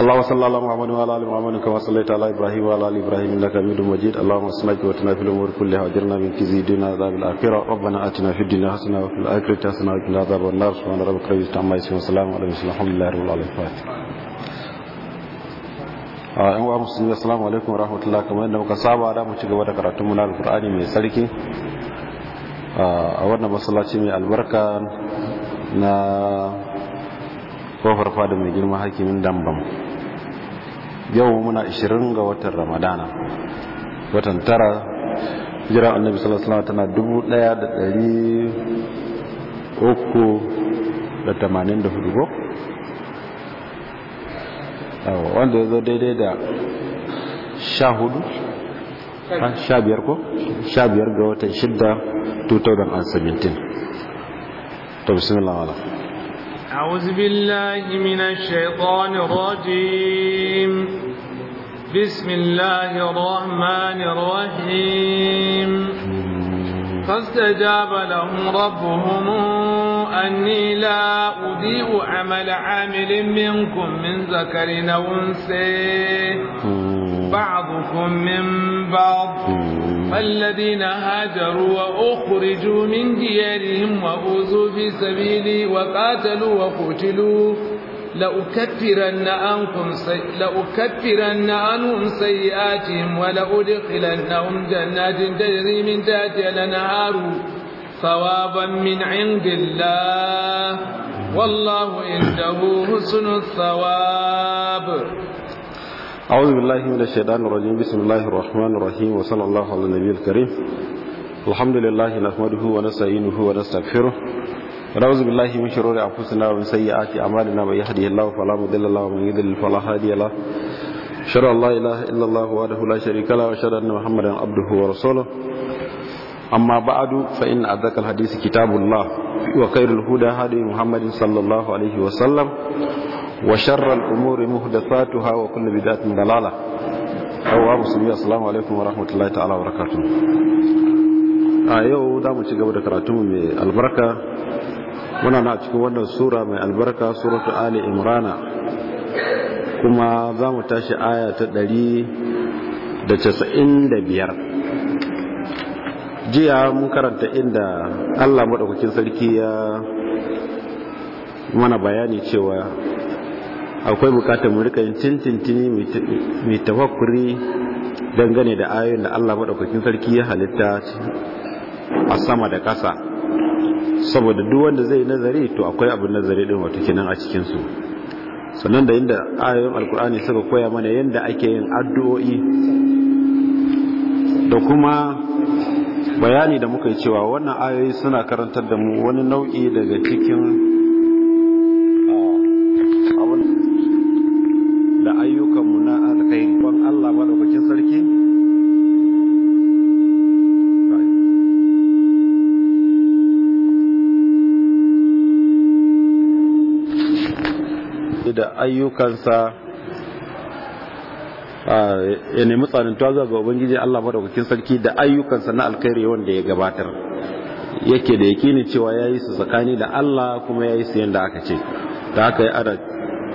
اللهم صل على محمد وعلى ال محمد كما صليت على ابراهيم وعلى ال ابراهيم انك حميد مجيد اللهم اصلح واتنا في الامور كلها واجرنا من خزي الدنيا عذاب الاخره ربنا اتنا في الدنيا حسنه وفي الاخره حسنه وقنا عذاب النار سبحان ربك رب العزه عما يصفون وسلام على المرسلين الحمد لله رب العالمين yan uwa musulmi assalamu alaikum warahmatullahi kamar yadda muka saba da mu ci gaba da karatun mu na alqur'ani mai sarki a wannan masallaci mai albarka na kofar fada mai girma hakimin dambam yau muna 20 ga watan ramadana watan tara jira annabi sallallahu alaihi tana 1384 ko wanda ya zo daidai da sha hudu sha biyar ko sha biyar ga watan shidda 2017 to bismillah wala أعوذ بالله من الشيطان الرجيم بسم الله الرحمن الرحيم فاستجاب لهم ربهم أني لا أضيء عمل عامل منكم من ذكر أو أنثى بعضكم من بعض فالذين هاجروا وأخرجوا من ديارهم وأوذوا في سبيلي وقاتلوا وقتلوا لأكفرن عنكم سي... لأكفرن عنهم سيئاتهم ولأدخلنهم جنات تجري من تحتها الأنهار ثوابا من عند الله والله عنده حسن الثواب أعوذ بالله من الشيطان الرجيم بسم الله الرحمن الرحيم وصلى الله على النبي الكريم الحمد لله نحمده ونستعينه ونستغفره نعوذ بالله من شرور أنفسنا ومن سيئات أعمالنا من يهده الله فلا مضل له ومن يضلل فلا هادي له أشهد أن لا إله إلا الله وحده لا شريك له وأشهد أن محمدا عبده ورسوله أما بعد فإن أذكى الحديث كتاب الله وخير الهدى هدي محمد صلى الله عليه وسلم وشر الأمور محدثاتها وكل بدعة ضلالة أو أبو سمي السلام عليكم ورحمة الله تعالى وبركاته a yau za mu ci gaba da karatunmu mai albarka muna na cikin wannan sura mai albarka suratu ali imrana kuma za mu tashi aya ta ɗari da casa'in da biyar jiya mun karanta inda allah maɗaukakin sarki ya mana bayani cewa akwai bukatar mu rika yin tintintini mai tafakkuri dangane da ayoyin da allah maɗaukakin sarki ya halitta a sama da ƙasa saboda duk wanda zai nazari to akwai abin nazari din wato kenan a cikin su sannan da inda ayoyin alkur'ani suka koya mana yanda ake yin addu'o'i da kuma bayani da muka yi cewa wannan ayoyi suna karantar da mu wani nau'i daga cikin ah, da ayyukanmu na alkhairi Allah madaukaki amince da ayyukansa ya nemi tsanantuwa zuwa ga ubangiji Allah madaukakin sarki da ayyukansa na alkhairi wanda ya gabatar yake da yakinin cewa yayi su tsakani da Allah kuma yayi su yanda aka ce ta haka ya ada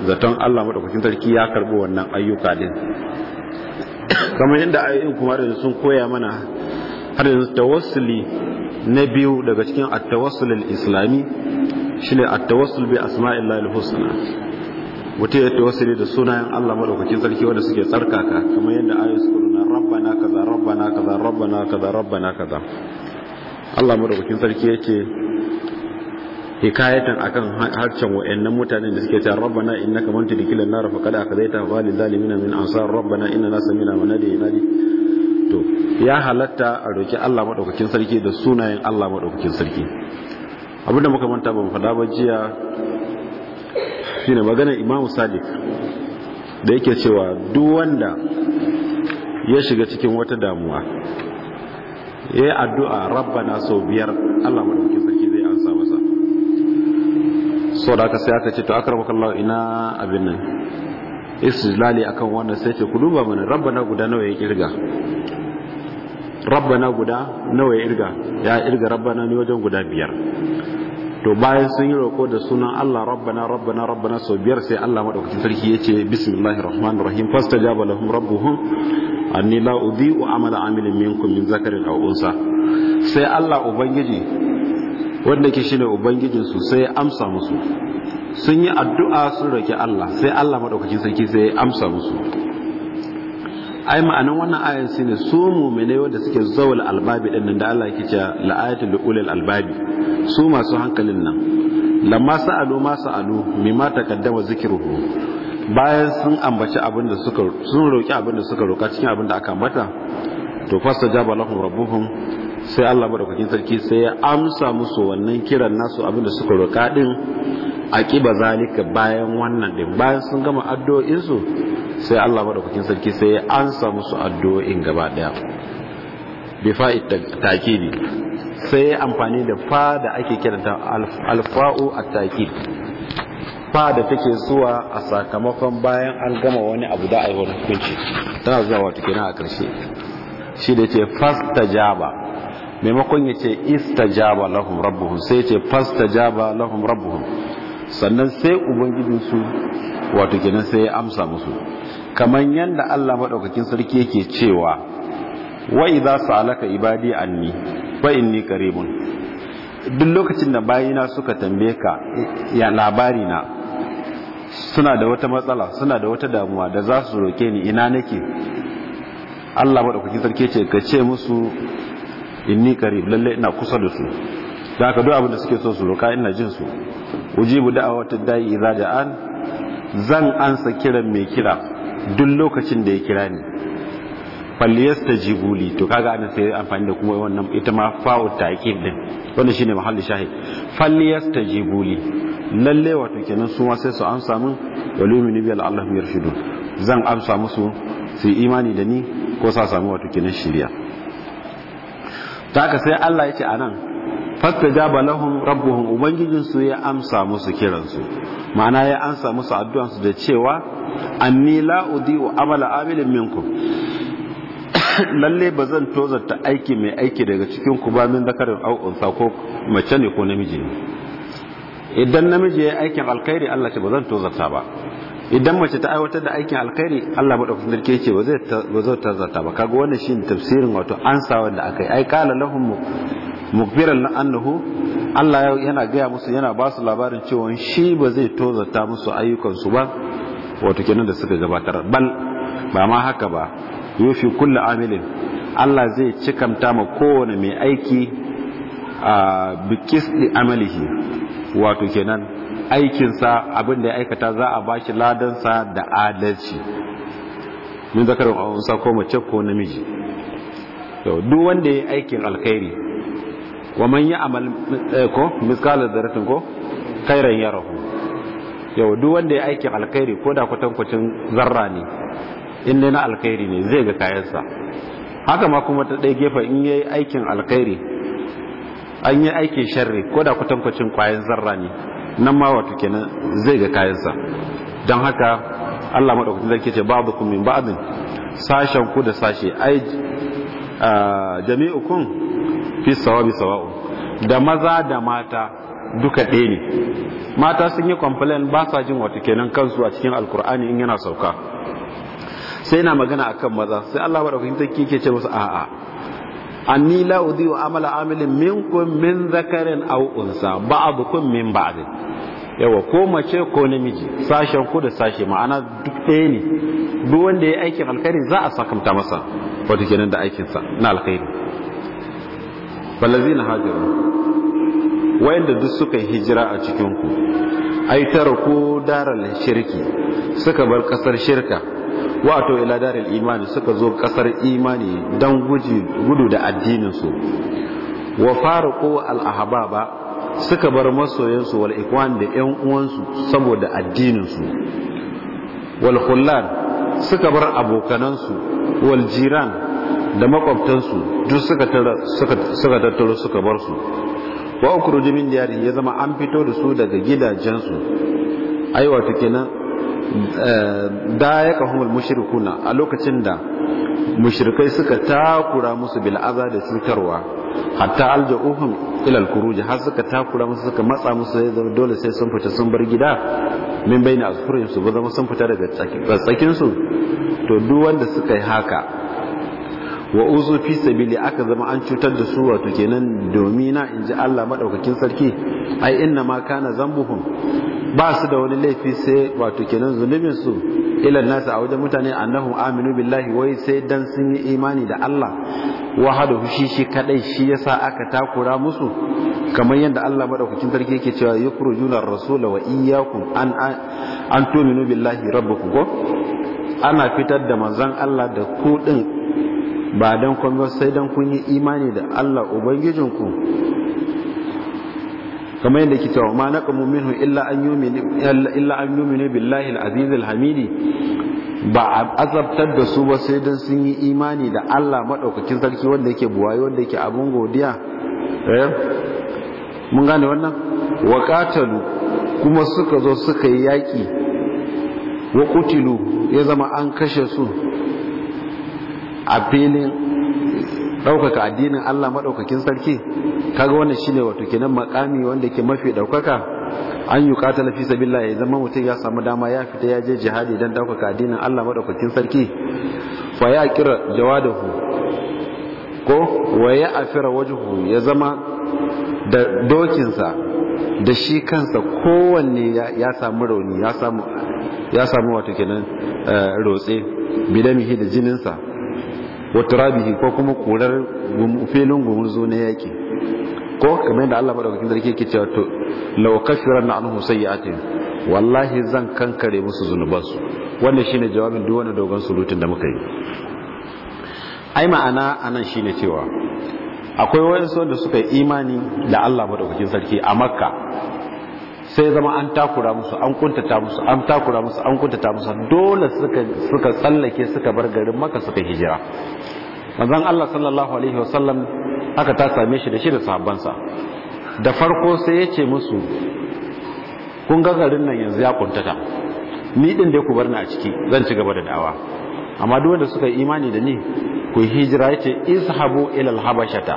zaton Allah madaukakin sarki ya karbi wannan ayyuka din kamar yadda ayoyin kuma da sun koya mana har yanzu tawassuli na biyu daga cikin at-tawassul al-islami shine at-tawassul bi asma'illahil husna yadda wasu ne da sunayen Allah maɗaukakin sarki wanda suke tsarkaka kamar yadda ayoyi suka nuna rabbana kaza rabbana kaza rabbana kaza rabbana kaza Allah maɗaukakin sarki yake hikayatan akan harcen nan mutanen da suke cewa rabbana innaka man tudkhilun nar fa qad akhdaita fa lil zalimin min ansar rabbana inna sami'na wa nadi nadi to ya halatta a roki Allah maɗaukakin sarki da sunayen Allah maɗaukakin sarki abinda muka manta ba mu fada ba jiya ne maganar imamu sadiq da yake cewa duk wanda ya shiga cikin wata damuwa ya yi addu'a rabbana sau biyar allah maɗauki sarki zai ansa masa sau da aka sai aka ce to aka rabu kallon ina abin nan istilali akan wannan sai ce ku duba mana rabbana guda nawa ya kirga rabbana guda nawa ya irga ya irga rabbana ne wajen guda biyar to bayan sun yi roƙo da sunan Allah rabbana rabbana rabbana so biyar sai Allah madaukakin sarki yace bismillahir rahmanir rahim fastajaba lahum rabbuhum anni la udhi'u amala amilin minkum min zakarin aw unsa sai Allah ubangiji wanda ke shine ubangijin su sai ya amsa musu sun yi addu'a sun roki Allah sai Allah madaukakin sarki sai ya amsa musu ai ma'anan wannan ayan shine su mu'minai wanda suke zawal albabi din nan da Allah yake cewa la'ayatul ulul albabi su masu hankalin nan lamma sa'alu ma sa'alu mimma taqaddama zikruhu bayan sun ambaci abin da suka sun roki abin da suka roka cikin abin da aka ambata to jaba lahum rabbuhum sai Allah madaukakin sarki sai ya amsa musu wannan kiran nasu abin da suka roka din aqiba zalika bayan wannan din bayan sun gama addu'o'insu sai Allah madaukakin sarki sai ya ansa musu addu'o'in gaba daya bi fa'id takidi sai amfani da fa da ake kiranta alfa'u at-takid fa da take zuwa a sakamakon bayan an gama wani abu da aiwar hukunci tana zuwa wata kina a karshe shi da ce fastajaba maimakon ya ce istajaba lahum rabbuhum sai ya ce fastajaba lahum rabbuhum sannan sai ubangijinsu wato kenan sai ya amsa musu kaman yadda Allah madaukakin sarki yake cewa wa idza salaka ibadi anni fa inni qaribun duk lokacin da bayina suka tambaye ka ya labari na suna da wata matsala suna da wata damuwa da za su roke ni ina nake Allah madaukakin sarki ce ka ce musu inni qarib lalle ina kusa da su da ka duk abin da suke so su roka ina jin su ujibu da'awatu da'i idza ja'an zan ansa kiran mai kira duk lokacin da ya kira ni falliyasta jibuli to kaga ana sai amfani da kuma wannan ita ma fawo ta'kid din wannan shine mahalli shahi falliyasta jibuli lalle wato kenan su ma sai su amsa min walumi ni bil Allah yarshidu zan amsa musu su imani da ni ko sa samu wato kenan shiriya ta sai Allah ya ce anan fastajaba lahum rabbuhum ubangijin su ya amsa musu kiransu ma'ana ya amsa musu addu'an su da cewa anni la udiu amala amilin minkum lalle ba zan tozarta aiki mai aiki daga cikin ku ba min zakarin au unsa ko mace ne ko namiji ne idan namiji ya aikin alkhairi Allah ce ba zan tozarta ba idan mace ta aiwatar da aikin alkhairi Allah madaukakin sarki yace ba zai ba zai tazarta ba kaga wannan shine tafsirin wato ansa wanda akai ai qala lahum mukbiran na annahu Allah yana gaya musu yana ba su labarin cewa shi ba zai tozata musu ayyukansu ba wato kenan da suka gabatar bal ba ma haka ba yufi kulla amilin Allah zai cikamta ma kowane mai aiki a biqisdi amalihi wato kenan aikinsa abin da ya aikata za a bashi ladansa da adalci min zakarin unsa ko mace ko namiji to duk wanda ya yi aikin alkhairi wa man ya'mal eh, ko miskala daratin ko kairan ya yarahu yau duk wanda ya aikin alkhairi ko da kwatankwacin zarra ne in na alkhairi ne zai ga kayansa haka ma kuma ta ɗaya gefen in yi aikin alkhairi an yi aikin sharri ko da kwatankwacin kwayan zarra ne nan ma wata kenan zai ga kayansa don haka Allah madaukakin zai ce babu kun min sashen ku da sashe ai Jami'ukun, fi sawabi sawa'u da maza da mata duka ɗaya ne mata sun yi complain ba sa jin wata kenan kansu a cikin alkur'ani in yana sauka sai na magana a kan maza sai Allah wa daukakin sarki yake ce musu a'a anni la laudi wa amala amilin minkum min zakarin aw unsa ba'dukum min ba'd yawa ko mace ko namiji sashen ku da sashe ma'ana duk ɗaya ne duk wanda ya aikin alkhairi za a sakamta masa wata kenan da aikinsa na alkhairi balazina hajiru wayanda duk suka hijira a cikin ku ai ko daral shirki suka bar kasar shirka wato ila daral imani suka zo kasar imani dan gudu da addinin su wa faruqu al ahbaba suka bar masoyansu wal ikwan da yan uwansu saboda addininsu wal khullan suka bar abokanansu wal jiran da makwabtansu duk suka suka tattaro suka bar su wa min ya zama an fito da su daga gidajensu ai wato kenan eh, da ya kahumul mushrikuna a lokacin da mushrikai suka takura musu bil'aza da cutarwa hatta alja'uhum ila ilal kuruji har suka takura musu suka matsa musu sai dole sai sun fita sun bar gida min baina azkurin su zama sun fita daga tsakin su to duk wanda suka yi haka wa uzu fi sabili aka zama an cutar da su wato kenan domina inji Allah madaukakin sarki ai inna ma kana zambuhum ba su da wani laifi sai wato kenan zunubin su ilan nasu a wajen mutane annahu aminu billahi wai sai dan sun yi imani da Allah wahada shi shi kadai shi yasa aka takura musu kamar yadda Allah madaukakin sarki yake cewa yukhrujuna ar-rasula wa iyyakum an an tuminu billahi rabbukum ko ana fitar da manzon Allah da ku din ba dan kun sai dan kun yi imani da Allah ubangijinku kamar yadda yake ma ma naqamu minhu illa an yu'minu illa an yu'minu billahi al hamidi ba a azabtar da su ba sai dan sun yi imani da Allah madaukakin sarki wanda yake buwaye wanda yake abun godiya eh mun gane wannan wa kuma suka zo suka yi yaƙi wa ya zama an kashe su a filin ɗaukaka addinin Allah maɗaukakin sarki kaga wannan shine wato kenan makami wanda yake mafi ɗaukaka an yi katala fi sabila ya zama mutum ya samu dama ya fita ya je jihadi don ɗaukaka addinin Allah maɗaukakin sarki fa ya kira jawadahu ko wa ya afira wajuhu ya zama da dokinsa da shi kansa kowanne ya samu rauni ya samu wato kenan eh, rotse bidamihi da jininsa waturabihi ko kuma kurar filin gumurzu na yaƙi ko kamar yadda Allah madaukakin sarki yake cewa to law sai ya sayyi'atin wallahi zan kankare musu zunubansu wannan shine jawabin duk wani dogon surutun da muka yi ai ma'ana anan shine cewa akwai wayansu da suka yi imani da Allah madaukakin sarki a Makka sai zama an takura musu an kuntata musu an takura musu an kuntata musu dole suka suka tsallake suka bar garin maka suka hijira manzon Allah sallallahu alaihi wasallam haka ta same shi da shi da sahabbansa da farko sai yace musu kun ga garin nan yanzu ya kuntata ni din da ku bar ni a ciki zan ci gaba da dawa amma duk wanda suka yi imani da ni ku hijira yace ishabu ila al-habashata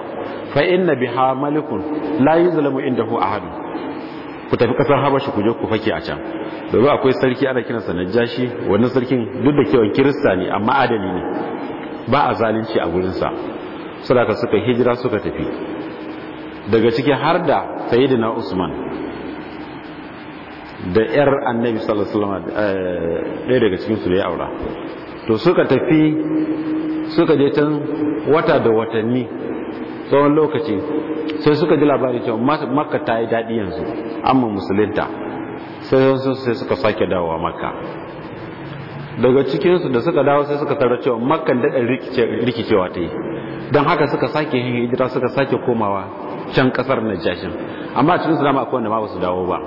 fa inna biha malikun la hu a ahadun ku tafi kasar habashi ku je ku fake a can domin akwai sarki ana kiransa najashi wannan sarkin duk da kewan kirista ne amma adali ne ba a zalunci a gurinsa sadaka suka hijira suka tafi daga ciki har da sayyidina usman da yar annabi sallallahu alaihi wasallam eh, ɗaya daga cikin su da ya aura to suka tafi suka je can wata da watanni tsawon lokaci sai suka ji labari cewa makka ta yi daɗi yanzu amma musulinta sai sai suka sake dawowa makka daga cikinsu da suka dawo sai suka tara cewa maka daɗa rikicewa ta yi don haka suka sake yin hijira suka sake komawa can ƙasar najashin amma cikin su dama akwai wanda ma ba su dawo ba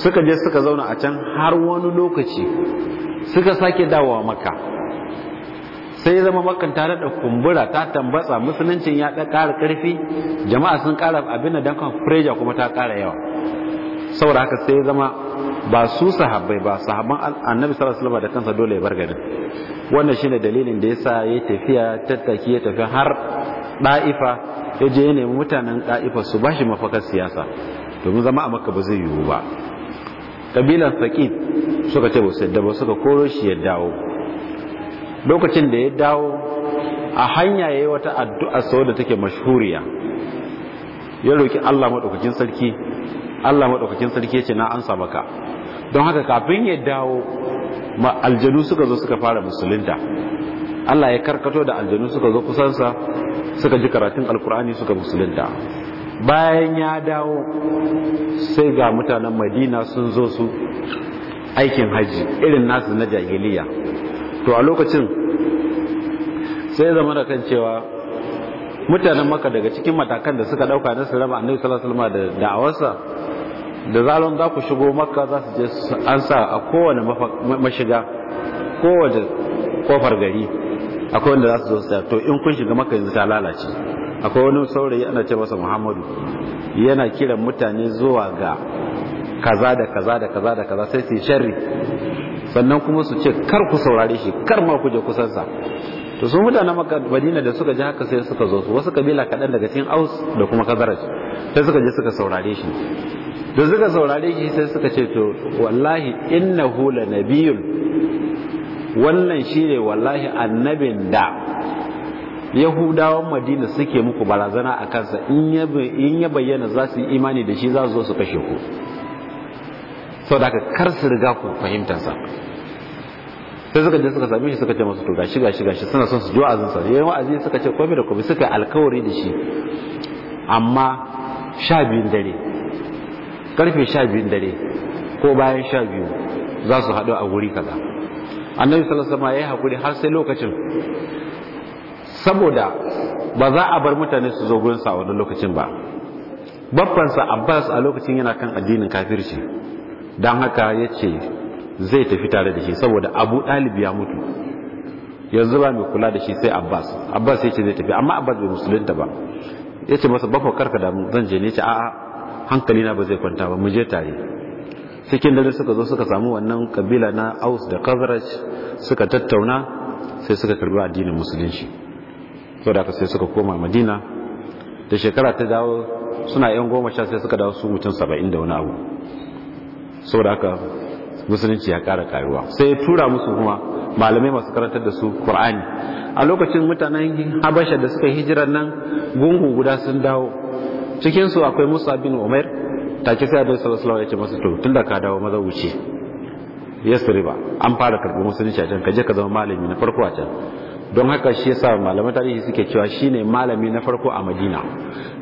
suka je suka zauna a can har wani lokaci suka sake dawowa maka. sai zama makan ta da kumbura ta tambatsa musuluncin ya ɗan ƙara ƙarfi jama'a sun ƙara abin da kan freja kuma ta ƙara yawa saboda haka sai zama ba su sahabbai ba sahabban annabi sallallahu alaihi da kansa dole ya bar garin wannan shine dalilin da yasa ya tafiya tattaki ya tafi har da'ifa ya ya nemi mutanen da'ifa su bashi mafakar siyasa domin zama a makka ba zai yiwu ba kabilan faqid suka ce ba su yadda ba suka koro shi ya dawo lokacin da ya dawo a hanya ya yi wata addu'a sau da take mashuriya ya roƙi Allah maɗaukakin sarki Allah maɗaukakin sarki ya ce na ansa maka don haka kafin ya dawo aljanu suka zo suka fara musulunta Allah ya karkato da aljanu suka zo kusansa suka ji karatun alkur'ani suka musulunta bayan ya dawo sai ga mutanen madina sun zo su aikin haji irin nasu na jahiliya to a lokacin sai zama da kan cewa mutanen maka daga cikin matakan da suka dauka na salama annabi sallallahu alaihi wasallam da da'awarsa da zalon za ku shigo makka za su je an sa a kowane mashiga kowace kofar gari akwai wanda za su zo su to in kun shiga makka yanzu ta lalace akwai wani saurayi ana ce masa muhammadu yana kiran mutane zuwa ga kaza da kaza da kaza da kaza sai su sharri sannan kuma su ce kar ku saurare shi kar ma ku je kusansa to su mutanen madina da suka ji haka sai suka zo su wasu kabila kaɗan daga cikin aus da kuma kazaraj sai suka je suka saurare shi da suka saurare shi sai suka ce to wallahi innahu la nabiyun wannan shine wallahi annabin da yahudawan madina suke muku barazana a kansa in ya bayyana za su yi imani da shi za su zo su kashe ku sau da kar su riga ku fahimtansa sai suka je suka same shi suka ce masu to gashi gashi gashi suna son su ji wa'azinsa yayin wa'azi suka ce komai da komai suka yi alkawari da shi amma sha biyun dare karfe sha biyun dare ko bayan sha biyu za su haɗu a wuri kaza annabi sallallahu alaihi wasallam ya yi hakuri har sai lokacin saboda ba za a bar mutane su zo gurin sa a wannan lokacin ba sa abbas a lokacin yana kan addinin kafirci don haka ya ce zai tafi tare da shi saboda abu ɗalib ya mutu yanzu ba mai kula da shi sai abbas abbas ya ce zai tafi amma abbas bai musulunta ba ya ce masa bafa karka da zan je ne ce a hankali na ba zai kwanta ba mu je tare cikin dare suka zo suka samu wannan kabila na aus da khazraj suka tattauna sai suka karbi addinin musulunci da aka sai suka koma madina da shekara ta dawo suna yan goma sha sai suka dawo su mutum saba'in da wani abu saboda aka musulunci ya kara karuwa sai ya tura musu kuma malamai masu karantar da su qur'ani a lokacin mutanen habasha da suka hijirar nan gungu guda sun dawo cikinsu akwai musa bin umar ta ce sai annabi salasala ya ce masu to da ka dawo maza wuce ba an fara karɓi musulunci a can ka je ka zama malami na farko a can don haka shi yasa malamai tarihi suke cewa shine malami na farko a Madina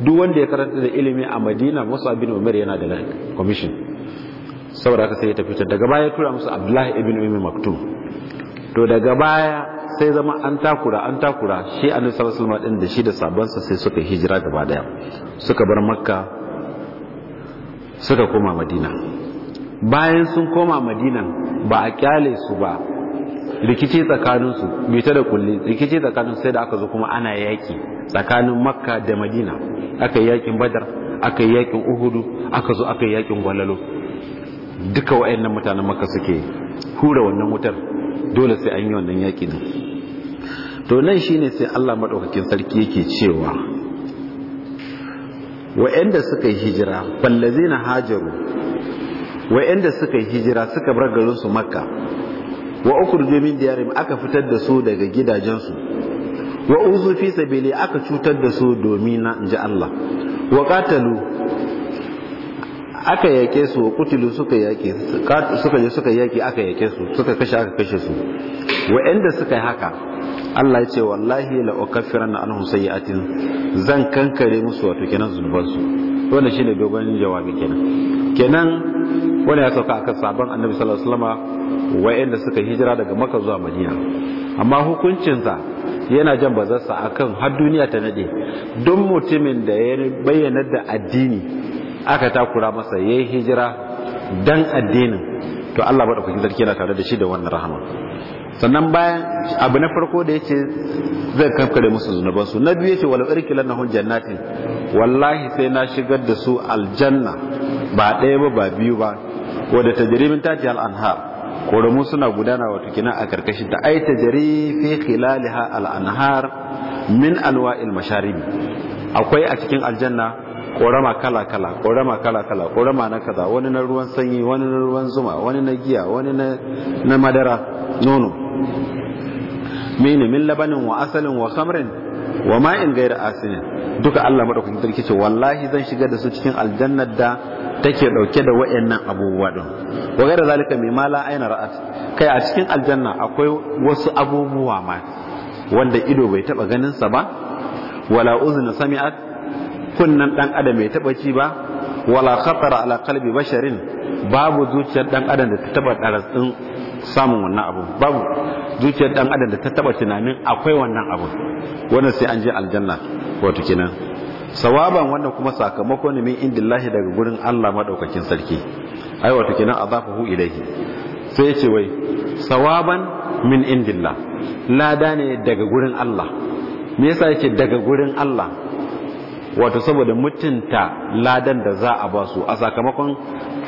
duk wanda ya karanta da ilimi a Madina Musa bin Umar yana da commission saboda haka sai ya tafi daga baya tura musu abdullahi ibn umar maktum to daga baya sai zama an takura an takura shi annabi sallallahu alaihi wasallam da shi da sabansa sai suka hijira gaba daya suka bar makka suka koma madina bayan sun koma madina ba a kyale su ba rikici tsakaninsu bai ta da kulli rikici tsakaninsu sai da aka zo kuma ana yaki tsakanin makka da madina aka yi yakin badar aka yi yakin uhudu aka zo aka yi yakin gwalalo duka nan mutanen maka suke hura wannan wutar dole sai an yi wannan yaƙi ne to nan shi ne sai Allah maɗaukakin sarki yake cewa da suka yi hijira na hajaru da suka yi hijira suka bar garinsu su makka wa ukhrijo min diyarim aka fitar da su daga gidajensu wa uzu fi sabili aka cutar da su domin na ji Allah wa qatalu aka yake su kutulu suka yake suka je suka yake aka yake su suka kashe aka kashe su wa'anda suka yi haka Allah ya ce wallahi la ukaffiran anhum sayi'atin zan kankare musu wato kenan zunuban su wannan shine dogon jawabi kenan kenan wani ya sauka akan sabon annabi sallallahu alaihi wasallam wa'anda suka hijira daga makka zuwa madina amma hukuncinsa yana jan bazarsa akan har duniya ta nade don mutumin da ya bayyana da addini aka takura masa yayi hijira dan addinin to Allah bada kuke sarki yana tare da shi da wannan rahama sannan bayan abu na farko da yace zai kafkare musu zunuban su na biyu yace wal irkilannahum jannati wallahi sai na shigar da su aljanna ba ɗaya ba ba biyu ba da tajrimin tati al anhar suna gudana wato kina a karkashin da ai tajri fi khilalha al anhar min alwa'il masharibi akwai a cikin aljanna korama kala-kala korama kala-kala korama na kaza wani na ruwan sanyi wani na ruwan zuma wani na giya wani na madara nono mene min labanin wa asalin wa khamrin wa ma'in gaira asinin duka Allah madaukakin sarki ce wallahi zan shiga da su cikin aljannar da take ɗauke da nan abubuwa din wa gaira zalika mai mala aina ra'at kai a cikin aljanna akwai wasu abubuwa ma wanda ido bai taɓa ganin sa ba wala uzna sami'at kunnan dan adam bai taba ci ba wala khatara ala qalbi basharin babu zuciyar dan adam da ta taba daratsin samun wannan abu babu zuciyar dan adam da ta taba tunanin akwai wannan abu wannan sai an je aljanna wato kenan sawaban wannan kuma sakamako ne min indillahi daga gurin Allah madaukakin sarki ai wato kenan azafahu ilaihi sai ce wai sawaban min indillah lada ne daga gurin Allah me yasa yake daga gurin Allah wato saboda mutunta ladan da za a ba a sakamakon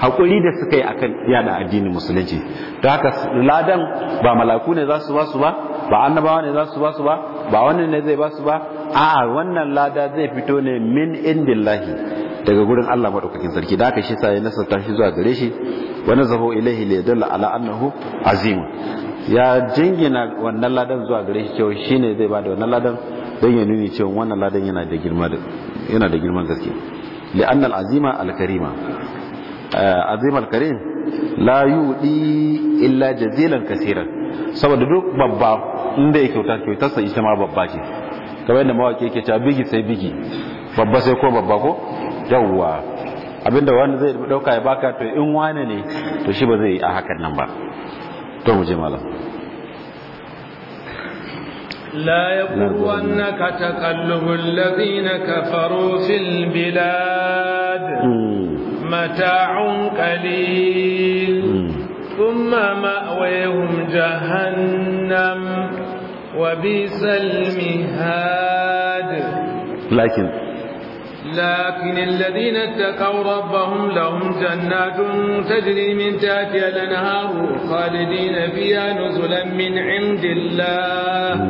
haƙuri da suka yi akan yada addinin musulunci ta haka ladan ba malaku ne za su ba su ba ba annabawa ne za su ba su ba ba wani ne zai ba su ba a wannan lada zai fito ne min indillahi daga gurin Allah madaukakin sarki da aka shi sa ya nasa tashi zuwa gare shi wa nazahu ilahi li yadalla ala annahu azim ya jingina wannan ladan zuwa gare shi cewa shine zai bada wannan ladan dan ya nuni cewa wannan ladan yana da girman gaske li'anna al'azima alkarima eh, azimar karim la yudi illa jazilan kasiran saboda duk babba inda ya kyauta kyautar sa ita ma babba ce kamar yadda mawaki yake ta bigi sai bigi babba sai ko babba ko yawwa abinda wani zai dauka ya baka to in wane ne to shi ba zai yi a hakan nan ba to mu je malam لا يغرنك تقلب الذين كفروا في البلاد متاع قليل ثم مأويهم جهنم وبئس المهاد لكن لكن الذين اتقوا ربهم لهم جنات تجري من تحتها الأنهار خالدين فيها نزلا من عند الله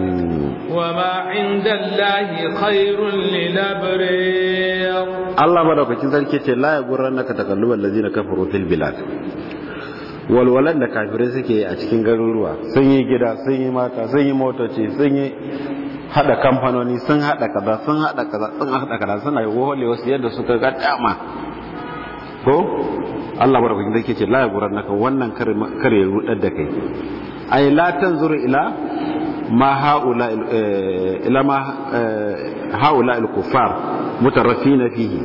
وما عند الله خير للأبرير الله مدوك تزرك لا يقرنك تقلب الذين كفروا في البلاد walwalan da kafirai suke a cikin garuruwa sun yi gida sun yi mata sun yi motoci sun yi hada kamfanoni sun hada kaza sun hada kaza sun hada kaza suna wahole wasu yadda suka ga dama ko Allah barkatun zai ce la yaguran naka wannan kare rudar da kai ay la tanzuru ila ma haula eh, ila ma eh, haula al-kuffar mutarrafina fihi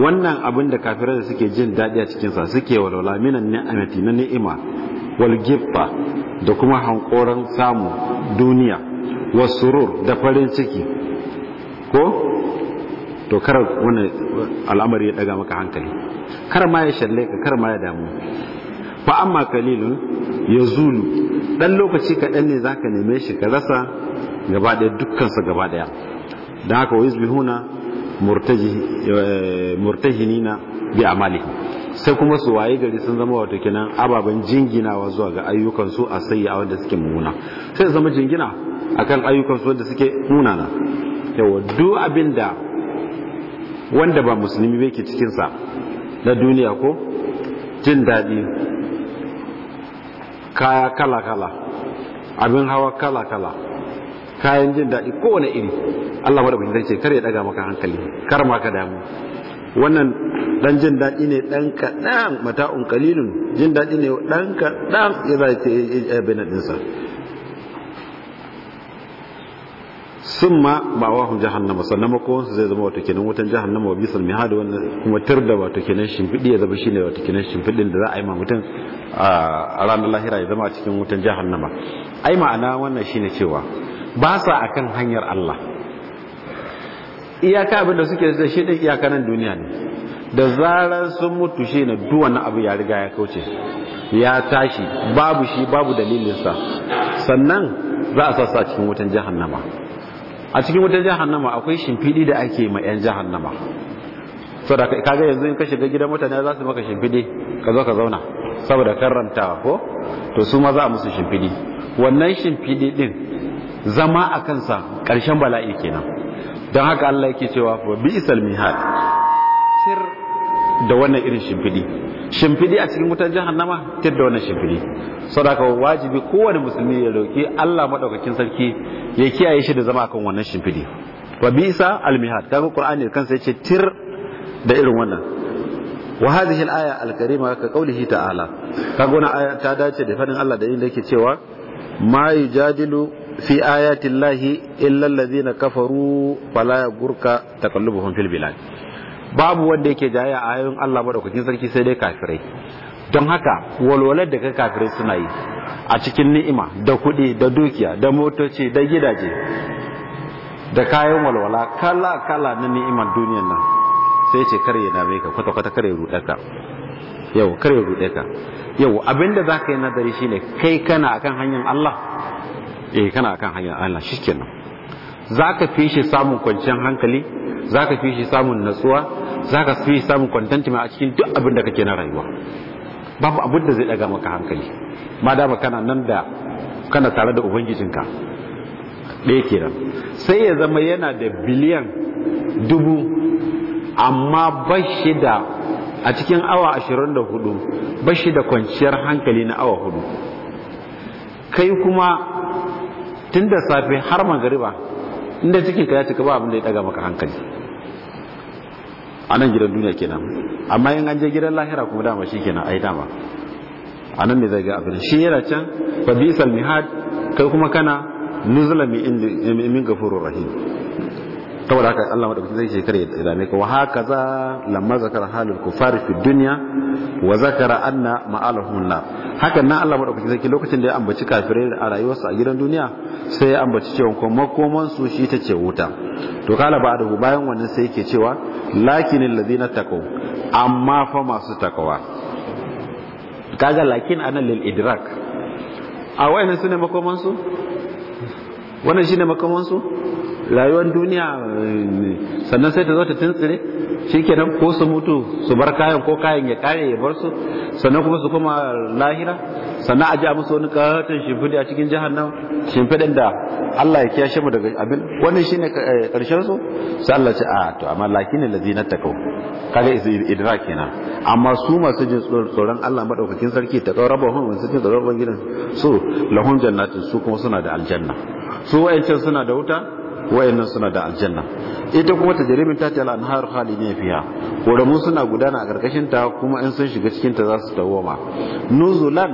wannan abin da kafirai da suke jin daɗi a sa suke walwala minan ni'amati na ni'ima wal da kuma hankoran samu duniya wasurur da farin ciki ko to kar wani al'amari ya daga maka hankali kar ma ya shalle ka kar ma ya damu fa amma kalilun yazulu dan lokaci dan ne zaka neme shi ka rasa gaba dukkan sa gaba ɗaya dan haka wa yuzbihuna eh, murtahinina bi amalihi sai kuma su waye gari sun zama wato kenan ababen jinginawa zuwa ga ayyukan su a sayya wanda suke muna sai su zama jingina akan ayyukan su wanda suke munana yawa duk abinda wanda ba musulmi ba ke cikin sa na duniya ko jin daɗi kaya kala kala abin hawa kala kala kayan jin daɗi kowane iri Allah bai sarki kar ya daga maka hankali kar ma ka damu wannan dan jin daɗi ne ɗan kaɗan mata'un kalilun jin daɗi ne ɗan kaɗan ya za ta yi abin ɗinsa sun ma ba wa hun jahannama sannan makowansu zai zama wata kinan wutan jahannama wa bisan mai hada wannan kuma tur da wata kinan shimfiɗi ya zama shi ne wata kinan shimfiɗin da za a yi ma mutum a ranar lahira ya zama a cikin wutan jahannama ai ma'ana wannan shi ne cewa ba sa akan hanyar allah iyaka abin da suke da shi ɗin iyaka nan duniya ne da zarar sun mutu shi ne duk wani abu ya riga ya kauce ya tashi babu shi babu dalilinsa sannan za a sassa cikin wutan jahannama a cikin wutan jahannama akwai shimfiɗi da ake ma 'yan jahannama saboda kaga yanzu in ka shiga gidan mutane za su maka shimfiɗi ka zo ka zauna saboda karantawa ko to su ma za a musu shimfidi wannan shimfiɗi din zama a kansa karshen bala'i kenan don haka Allah yake cewa bi isal mihad sir da wannan irin shimfidi shimfidi a cikin wutar jahannama tir da wannan shimfidi sadaka wajibi kowane musulmi ya roki Allah madaukakin sarki ya kiyaye shi da zama kan wannan shimfidi wa bisa almihad kaga qur'ani kansa yace tir da irin wannan wa hadhihi al-Karima ka qaulihi ta'ala kaga wannan aya ta dace da fadin Allah da inda yake cewa ma yujadilu في آيات الله إلا na kafaru فلا يغرك gurka في البلاد babu wanda yake jaya a ayoyin Allah madaukakin sarki sai dai kafirai don haka walwalar da ka kafirai suna yi a cikin ni'ima da kuɗi da dukiya da motoci da gidaje da kayan walwala kala kala na ni'imar duniyar nan sai ce kare ya dame ka kwata kwata kare rude ka yau kare rude ka yau abinda za ka yi nazari shine kai kana akan hanyar Allah eh kana kan hanyar Allah shikenan zaka fi shi samun kwanciyar hankali zaka fi shi samun natsuwa zaka fi shi samun contentment a cikin duk abin da kake na rayuwa babu abin da zai daga maka hankali ma da kana nan da kana tare da ubangijinka ɗaya kenan sai ya zama yana da biliyan dubu amma ba da a cikin awa ashirin da hudu bashi da kwanciyar hankali na awa hudu kai kuma tun da safe har magariba inda cikin ka ya cika ba abin da ya daga maka hankali a nan gidan duniya kenan amma yin an je gidan lahira kuma dama shi kenan ai dama a nan ne zai ga abin shi yana can fa bisal mihad kai kuma kana nuzula min gafurur rahim saboda haka Allah madaukakin zai ce kare ya dame ka wa haka za lamma zakara halul kufar fi dunya wa zakara anna ma'alahum la hakan nan Allah madaukakin zai lokacin da ya ambaci kafirai a rayuwarsu a gidan duniya sai ya ambaci cewa ko makoman su shi ta ce wuta to kala ba da bayan wannan sai yake cewa lakin ladina taqaw amma fa masu takawa kaga lakin anan lil idrak a wayannan sune makoman su wannan shine makomansu? rayuwar duniya sannan sai ta zo ta tuntsire shikenan ko su mutu su bar kayan ko kayan ya kare ya bar su sannan kuma su kuma lahira sannan a ji musu wani karatun shimfiɗi a cikin nan shimfiɗin da Allah ya kiyashe mu daga abin wannan shine karshen eh, su sai Allah ce a ah, to amma lakin ladina takau kaga idra kenan amma su masu jin tsoron Allah maɗaukakin sarki ta kawo rabon hun jin tsoron gidan su lahun jannatin su kuma suna da aljanna su wa'ancan suna da wuta wayannan suna da aljanna ita kuma ta tajrimin ta ta al-anhar khalidin fiha koramu suna gudana a karkashin ta kuma in sun shiga cikin ta za su dawoma nuzulan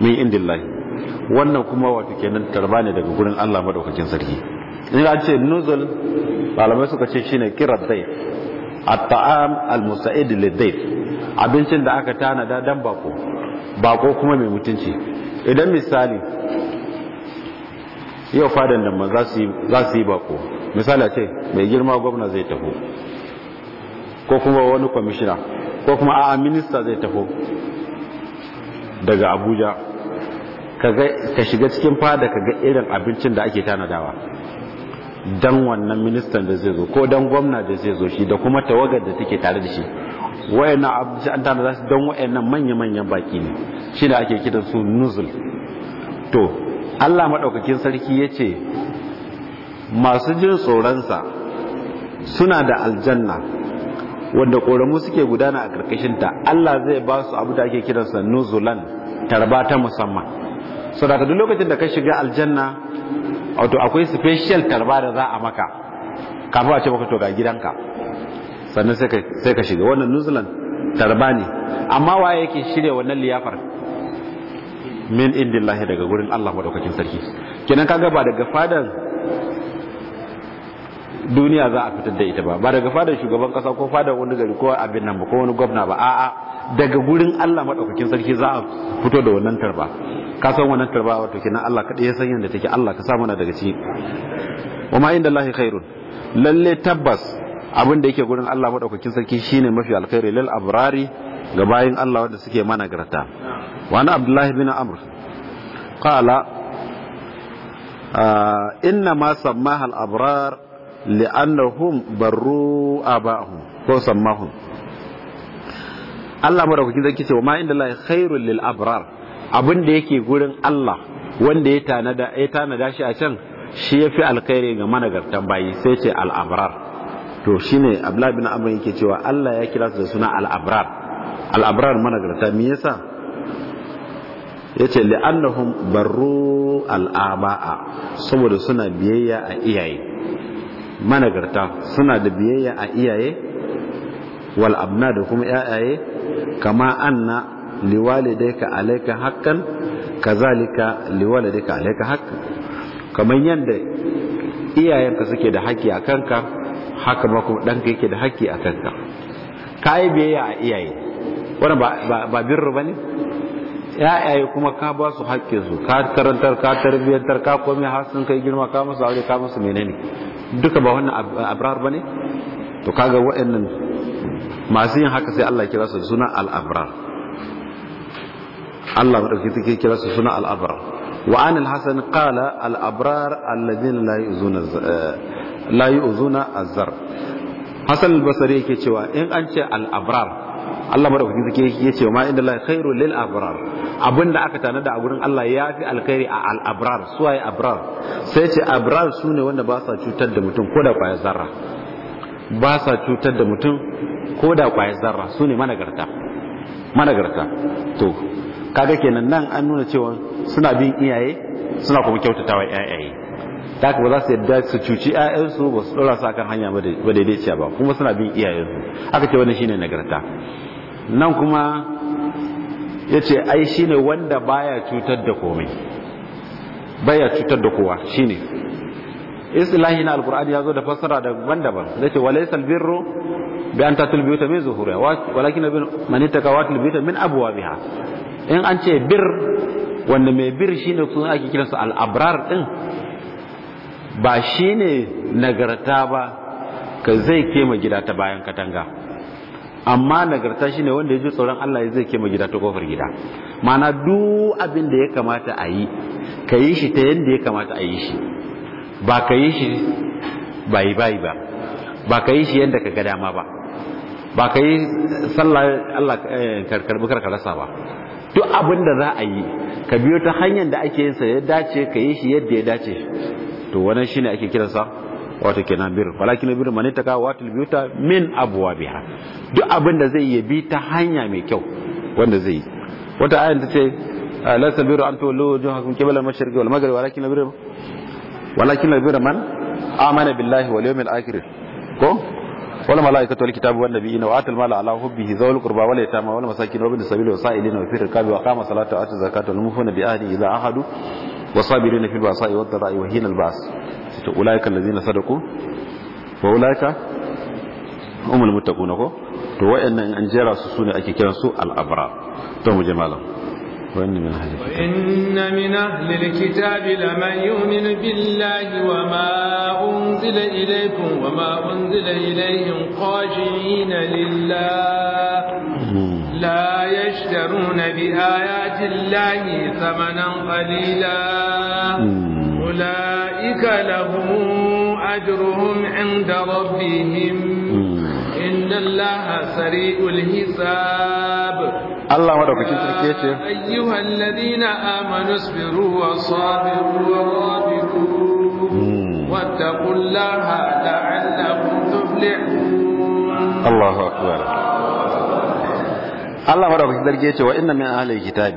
min indillahi wannan kuma wato kenan tarba ne daga gurin Allah madaukakin sarki in an ce nuzul malamai suka ce shine kirar dai at-ta'am al-musa'id lid-dayf abincin da aka tanada dan bako bako kuma mai mutunci idan misali yau fadan da za su yi bako misali ce mai girma gwamna zai taho ko kuma wani kwamishina ko kuma a'a minista zai taho daga abuja ka shiga cikin fada ka ga irin abincin da ake tanadawa don wannan ministan da zai zo ko don gwamna da zai zo shi da kuma tawagar da take tare da shi wayannan abincin an tanada su dan wayannan manya-manyan baki ne shi da ake kiran su nuzul to Allah maɗaukakin sarki ya ce masu jin tsoronsa suna da aljanna wanda ƙoramu suke gudana a ƙarƙashinta Allah zai ba su abu da ake kiransa nuzulan tarba ta musamman so da duk lokacin da ka shiga aljanna wato akwai special tarba da za a maka kafin a ce maka toga ga gidanka sannan sai ka shiga wannan nuzulan tarba ne amma waye yake shirya wannan liyafar min lahi daga gurin Allah madaukakin sarki kenan kaga ba daga fadan duniya za a fitar da ita ba ba daga fadan shugaban kasa ko fadan wani gari ko abin nan ba ko wani gwamna ba a'a daga gurin Allah madaukakin sarki za a fito da wannan tarba ka san wannan tarba wato kenan Allah kadai ya san yanda take Allah ka sa mana daga ciki wa ma lahi khairun lalle tabbas abin da yake gurin Allah madaukakin sarki shine mafi alkhairi lil abrari ga bayin Allah wanda suke mana garta وعن عبد الله بن عمرو قال آه إنما سماها الابرار لانهم بروا آباءهم هو سماهم Allah مره كده kice wa ma inda lahi khairul lil abrar abin da yake gurin Allah wanda ya tanada ya tanada shi a can shi yafi alkhairi ga managartan bayi sai ce al abrar to shine Abdullah bin Amr yake cewa Allah ya kira su da suna al abrar al abrar managarta me yasa yace li'annahum barru al'aba'a saboda suna biyayya a iyaye managarta suna da biyayya a iyaye wal'abna da kuma yayaye kama anna liwalidayka alayka haqqan kazalika ka alayka haqqan kamar iyayen iyayenka suke da haƙƙi a kanka haka ma kuma ɗanka yake da haƙƙi a kanka ka yi biyayya a iyaye wani ba birru ba ne ya'yaye kuma ka ba su haƙƙin su ka karantar ka tarbiyyantar ka komai har sun kai girma ka musu aure ka musu menene duka ba wannan abrar bane to kaga waɗannan masu yin haka sai Allah kira su suna al-abrar Allah madauki take kira su suna al-abrar wa an al-hasan qala al-abrar alladhina la yu'zuna eh, la yu'zuna az-zar Hasan al-Basri yake cewa in an ce al-abrar Allah madaukakin sarki yace ma inda Allah khairu lil abrar abinda aka tanada a gurin Allah ya fi alkhairi a al abrar suwaye abrar sai ce abrar ne wanda ba sa cutar da mutum ko da kwaya zarra ba sa cutar da mutum ko da kwaya zarra su ne managarta managarta to kaga kenan nan an nuna cewa suna bin iyaye suna kuma kyautatawa iyaye da haka ba za su yadda su cuci 'ya'yansu ba su ɗora su akan hanya ba daidaiciya ba kuma suna bin iyayensu aka ce wannan shine nagarta nan kuma ya ce ai shi ne wanda baya cutar da komai baya cutar da kowa shi ne al-lahi na alkur'an ya zo da fassara daban-daban zai ce walai salbirro bi an tatul biyuta mai zuhuriya walakin abin manita kawatul biyuta min abuwa biha in an ce bir wanda mai bir shi ne sun ake kiransu al'abrar din ba shi ne nagarta ba ka zai kema gida ta bayan katanga amma nagarta shi ne wanda ya ji tsoron Allah zai kema gida ta kofar gida mana duk abin da ya kamata a yi ka yi shi ta yadda ya kamata a yi shi ba ka yi shi bayi bayi ba ba ka yi shi yadda ka ga dama ba ba ka yi sallah Allah eh, karkarbi karkarasa ba duk abin da za a yi ka biyo ta hanyar da ake yin sa ya dace ka yi shi yadda ya dace to wannan shine ake kiransa wato kenan bir walakin bir man taka watul biyuta min abwabiha duk abin da zai yabi ta hanya mai kyau wanda zai yi wata ayan ta ce ah, laysa biru an tawallu wujuhakum qibla al-mashriqi wal maghrib walakin bir walakin bir man amana billahi wal yawmil akhir ko wala malaikatu wal kitabi wan nabiyina wa atal mala ala hubbihi zawul qurba wal yatama wal masakin wa sabil wa sa'ilina wa fir riqabi wa qama salata wa atu zakata wa mufuna bi ahli idha ahadu wa sabirina fil ba'sa'i wad dharra'i wa hina al-ba's to ulaika allazina sadaku wa ulaika umul muttaquna ko to wayannan an jera su sune ake kiran su al abra to mu jama'a wa inna min ahli inna min ahli alkitabi billahi wa ma unzila ilaykum wa ma unzila ilayhim qajina لا يشترون بآيات الله ثمنا قليلا mm. أولئك لهم أجرهم عند ربهم إن الله سريع الحساب الله مدوكاكين سركي يتي أيها الذين آمنوا اصبروا وصابروا ورابطوا واتقوا الله لعلكم تفلحون الله أكبر الله مدوكاكين الله يتي وإن من أهل الكتاب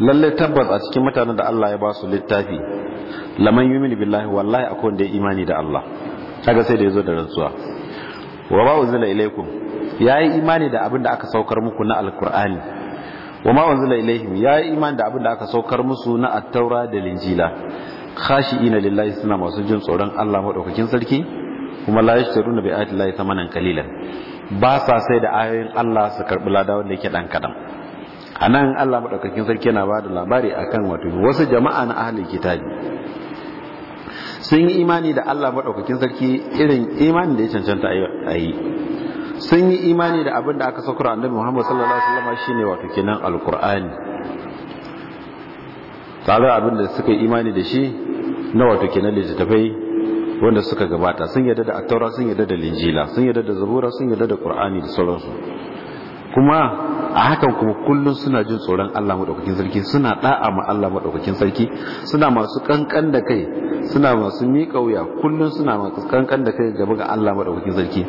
lalle tabbas a cikin mutanen da Allah ya ba su littafi laman yumin billahi wallahi akwai wanda ya imani da Allah kaga sai da yazo da rantsuwa wa ma unzila ilaikum yayi imani da abin da aka saukar muku na alqur'ani wa ma unzila ilaihim yayi imani da abin da aka saukar musu na at-taura da linjila khashi'ina lillahi suna masu jin tsoron Allah madaukakin sarki kuma la yashtaruna bi ayati llahi thamanan qalilan ba sa sai da ayoyin Allah su karbi lada wanda yake dan kadan a nan allah maɗaukakin sarki yana ba da labari a kan wato wasu jama'a na ahalin kitabi sun yi imani da allah maɗaukakin sarki irin imani da ya cancanta a yi sun yi imani da abin da aka sakura annabi muhammad sallallahu alaihi wasallam shine wato kenan alqur'ani tare abin da suka yi imani da shi na wato kenan littattafai wanda suka gabata sun yadda da attaura sun yadda da linjila sun yadda da zabura sun yadda da qur'ani da sauransu kuma a hakan kuma kullum suna jin tsoron Allah madaukakin sarki suna da'a ma Allah madaukakin sarki suna masu kankan da kai suna masu miƙa wuya kullum suna masu kankan da kai gaba ga Allah madaukakin sarki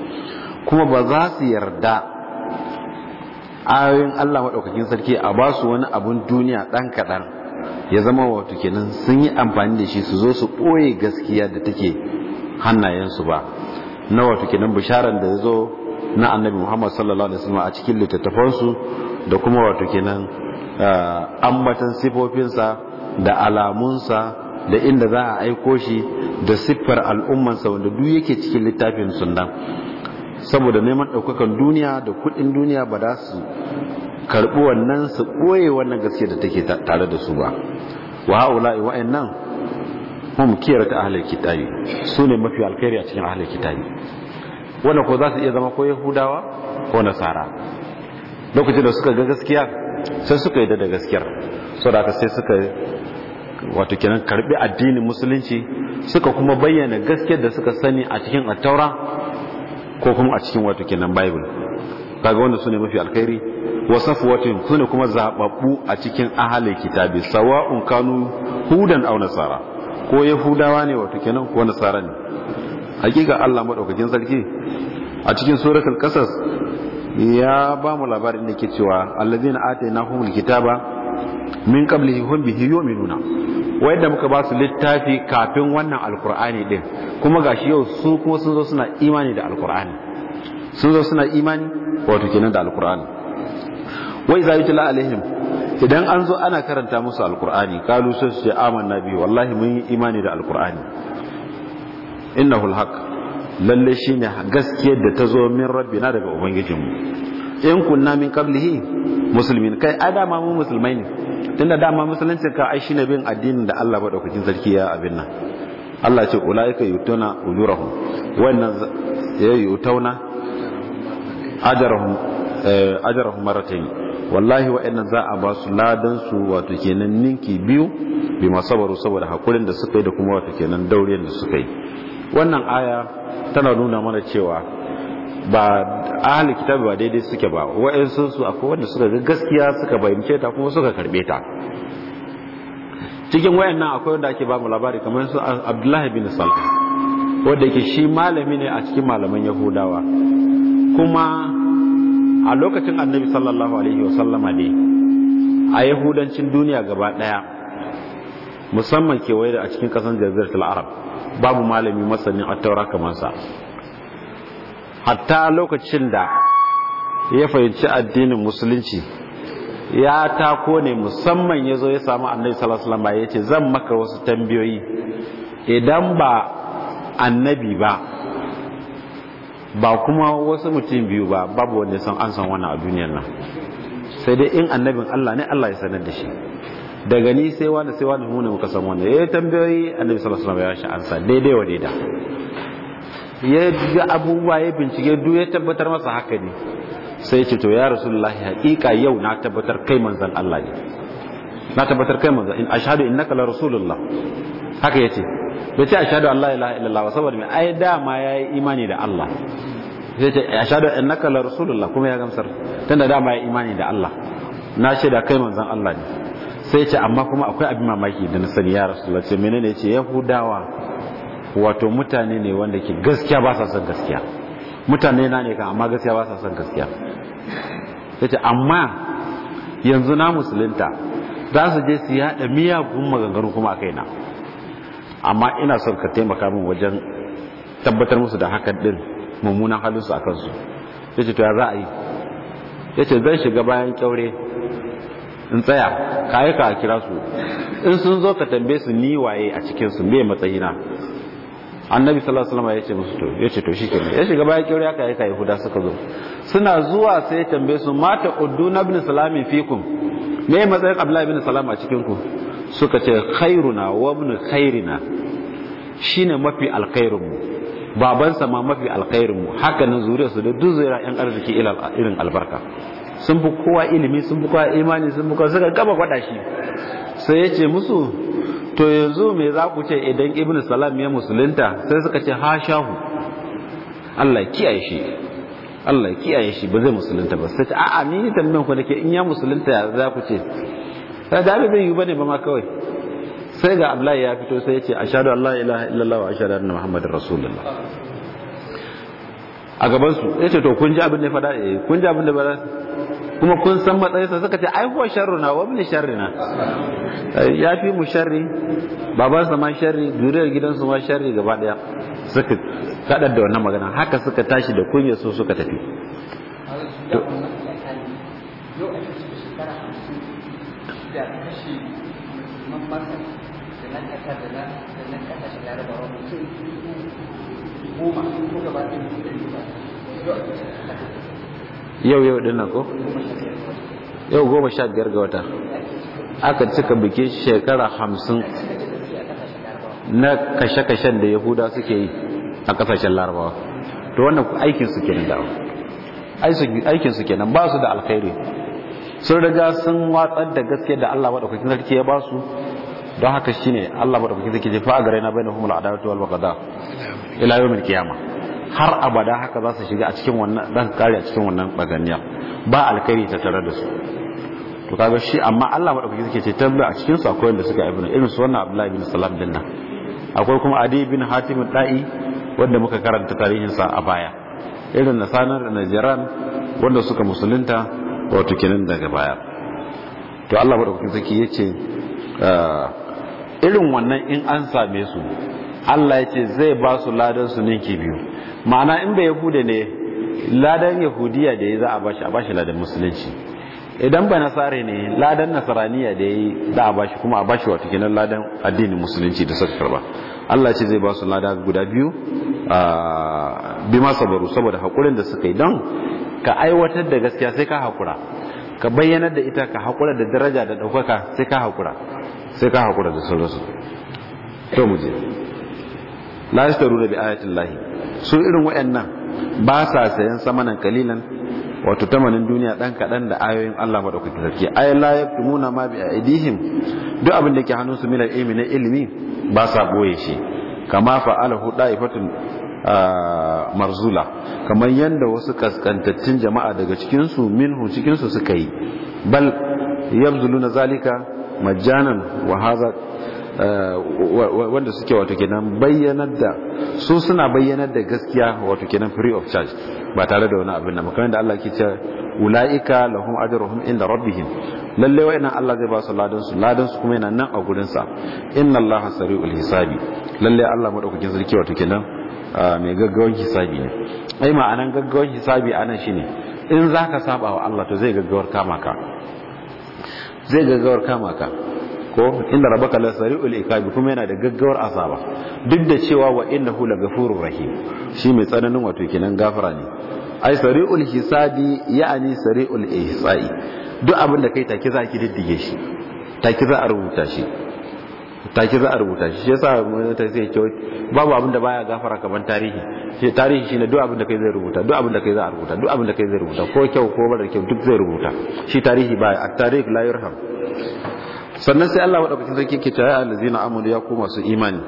kuma ba za su yarda ayoyin Allah madaukakin sarki a ba su wani abun duniya dan kadan ya zama wato kenan sun yi amfani da shi su zo su ɓoye gaskiya da take hannayensu ba na wato kenan bisharan da ya zo na annabi muhammad sallallahu alaihi wasallam a cikin littattafansu da kuma wato kenan ah, ambatan sifofinsa da alamunsa da inda za a aiko shi da siffar al'ummansa wanda duk yake cikin littafin sunna saboda neman ɗaukakan duniya da kuɗin duniya ba za su karɓi wannan su ɓoye wannan gaske da take tare da su ba wa haula'i wa'annan hum ta ahlul kitabi su ne mafi alkhairi a cikin ahlul kitabi wannan ko za su iya zama ko yahudawa ko nasara lokacin da suka ga gaskiya sai suka yi da gaskiyar da aka sai suka wato kenan karbi addinin musulunci suka kuma bayyana gaskiyar da suka sani a cikin attaura ko kuma a cikin wato kenan bible kaga wanda sune mafi alkhairi wato su sune kuma zababbu a cikin ahalin kitabi sawa'un kanu hudan aw nasara ko yahudawa ne wato kenan ko nasara ne hakika Allah madaukakin sarki a cikin suratul qasas ya ba mu labarin da ke cewa na na atainahumul kitaba min qablihi hum bihi nuna wadda muka ba su littafi kafin wannan alkur'ani din kuma gashi yau su kuma sun zo suna imani da alkur'ani sun zo suna imani wato kenan da alkur'ani wai za tula alaihim idan an zo ana karanta musu alkur'ani kalu sai su ce amanna biyu wallahi mun yi imani da alkur'ani innahul haq lalle shine gaskiyar da ta zo min rabbina daga ubangijinmu in kunna min qablihi muslimin kai a mu musulmai ne tunda dama musulunci ka ai shine bin addinin da Allah madaukakin sarki ya abin nan Allah ce ulaika yutuna ujurahum wannan ya yutuna ajarahum eh, ajarahum maratayn wallahi wa'annan za a ba su ladan su wato kenan ninki biyu bi masabaru saboda hakurin da suka yi da kuma wato kenan dauriyar da suka yi wannan aya tana nuna mana cewa ba ahli kitabi ba daidai suke ba sun su akwai wanda suka ga gaskiya suka fahimce ta kuma suka karbe ta cikin wayan nan akwai wanda ake ba mu labari kamar su Abdullahi bin Salih wanda yake shi malami ne a cikin malaman Yahudawa kuma a lokacin Annabi sallallahu alaihi wasallama ne a Yahudancin duniya gaba daya musamman kewaye da a cikin kasan al Arab babu malami masanin attaura kamar sa hatta lokacin da ya fahimci addinin musulunci ya tako ne musamman ya zo ya samu annabi sallallahu alaihi ya ce zan maka wasu tambayoyi idan ba annabi ba ba kuma wasu mutum biyu ba babu wanda san an san wani a duniyar nan sai dai in annabin Allah ne Allah ya sanar da shi daga ni sai wani sai wani mu ne muka san wannan yayi tambayoyi annabi sallallahu alaihi wasallam ya shi ansa daidai wa daida ya ga abubuwa ya bincike duk ya tabbatar masa haka ne sai ce to ya rasulullahi haqiqa yau na tabbatar kai manzon Allah ne na tabbatar kai manzon in ashhadu innaka la rasulullah haka yace yace ashhadu an la ilaha illallah wa saboda mai ai dama yayi imani da Allah sai ce ashhadu innaka la rasulullah kuma ya gamsar tunda dama yayi imani da Allah na shaida kai manzon Allah ne sai ce amma kuma akwai abin mamaki da na sani ya rasulullah ce menene ce yahudawa wato mutane ne wanda ke gaskiya ba sa son gaskiya mutane na ne kan amma gaskiya ba sa son gaskiya sai ce amma yanzu na musulunta za su je su miya miyagun maganganu kuma a kaina amma ina son ka taimaka min wajen tabbatar musu da hakan din mummunan halinsu a kansu Sai ce to ya za a yi sai ce zan shiga bayan kyaure in tsaya ka yi a kira su in sun zo ka tambe su ni waye a cikin su me matsayina annabi sallallahu alaihi wasallam ya ce musu to ya ce to shikenan ya shiga baya kiyar aka aika huda suka zo suna zuwa sai tambe su mata udduna ibn salamin fikum me matsayin abdullahi ibn salam a cikin ku suka ce khairuna wa ibn khairina shine mafi alkhairun mu babansa ma mafi alkhairun mu haka nan zuriyarsu da duk zuriya yan arziki irin albarka sun fi kowa ilimi sun fi kowa imani sun fi kowa suka gaba kwada shi sai ya ce musu to yanzu me za ku ce idan ibn salam ya musulunta sai suka ce ha shahu Allah kiyaye shi Allah kiyaye shi ba zai musulunta ba sai ce a'a ni ne tambayan ku nake in ya musulunta ya za ku ce sai da bai yi bane ba ma kawai sai ga Abdullahi ya fito sai ya ce ashhadu an la ilaha illallah wa ashhadu anna muhammadar rasulullah a gaban su yace to kun ji abin da ya faɗa eh kun ji abin da ba kuma kun san matsayinsa suka ce ai huwa sharruna wa min sharrina ya fi mu sharri sa ma sharri duriyar gidansu ma sharri gaba daya suka kadar da wannan magana haka suka tashi da kunya su suka tafi yau yau din nan ko yau goma sha biyar ga wata aka cika bikin shekara hamsin na kashe-kashen da yahuda suke yi a kasashen larabawa to wannan aikin suke nan dawo aikin suke nan ba su da alkhairi sun riga sun watsar da gaske da Allah madaukakin sarki ya ba su don haka shine Allah madaukakin sarki ya fa a gare na bainahumul adawatu wal baghdha ila yawmil qiyamah har abada haka za su shiga a cikin wannan dan kare a cikin wannan baganiya ba alkhairi ta tare da su to kaga shi amma Allah madaukaki suke ce tabba a cikin su akwai wanda suka yi irin su wannan Abdullahi bin Salam din nan akwai kuma Adi bin Hatim da'i wanda muka karanta tarihin sa a baya irin nasanar da Najran wanda suka musulunta wato kenan daga baya to Allah madaukaki suke ce ah, irin wannan in an same su Allah ya ce zai ba su ladan su ninki biyu ma'ana in bai yahuda ne ladan yahudiya da ya za a bashi a bashi ladan musulunci idan ba nasare ne ladan nasaraniya da ya za a bashi kuma a bashi wata kinan ladan addinin musulunci da suka karba Allah ce zai ba su lada guda biyu a bi ma sabaru saboda hakurin da suka yi don ka aiwatar da gaskiya sai ka hakura ka bayyanar da ita ka hakura da daraja da ɗaukaka sai ka hakura sai ka hakura da sauransu to mu je la yastaru bi ayatin lahi su irin wayannan ba sa sayan samanan kalilan wato tamanin duniya dan kaɗan da ayoyin Allah kuke sarki ay la yaktumuna ma bi aidihim duk abin da ke hannun su milal ilmi na ilimi ba sa boye shi kama fa'alahu da'ifatun marzula kamar yadda wasu kaskantattun jama'a daga cikin su minhu cikin suka yi bal yabzuluna zalika majanan wa hadha Eh, wanda suke wato kenan bayyanar da su suna bayyanar da gaskiya wato kenan free of charge ba tare da wani abin nan kamar da Allah ke ce ulaika lahum ajruhum inda rabbihim lalle wayannan Allah zai ba su ladan su ladan su kuma yana nan a gurin sa inna Allah sari'ul hisabi lalle Allah madaukakin sarki wato kenan ah, mai gaggawan hisabi ne ai ma'anan gaggawan hisabi anan shine in zaka saba wa Allah to zai gaggawar kama ka zai gaggawar kama ka ko inda rabaka la sari'ul ikabi kuma yana da gaggawar azaba duk da cewa wa innahu lagafurur rahim shi mai tsananin wato kenan gafara ne ai sari'ul hisabi ya'ani sari'ul ihsa'i duk abin da kai take za ki diddige shi take za a rubuta shi take za a rubuta shi yasa mun ta sai ce babu abin da baya gafara kaman tarihi shi tarihi shine duk abin da kai zai rubuta duk abin da kai za a rubuta duk abin da kai zai rubuta ko kyau ko mara kyau duk zai rubuta shi tarihi ba at-tarikh la yurham sannan sai Allah madaukakin sarki ke cewa na amanu ya ku su imani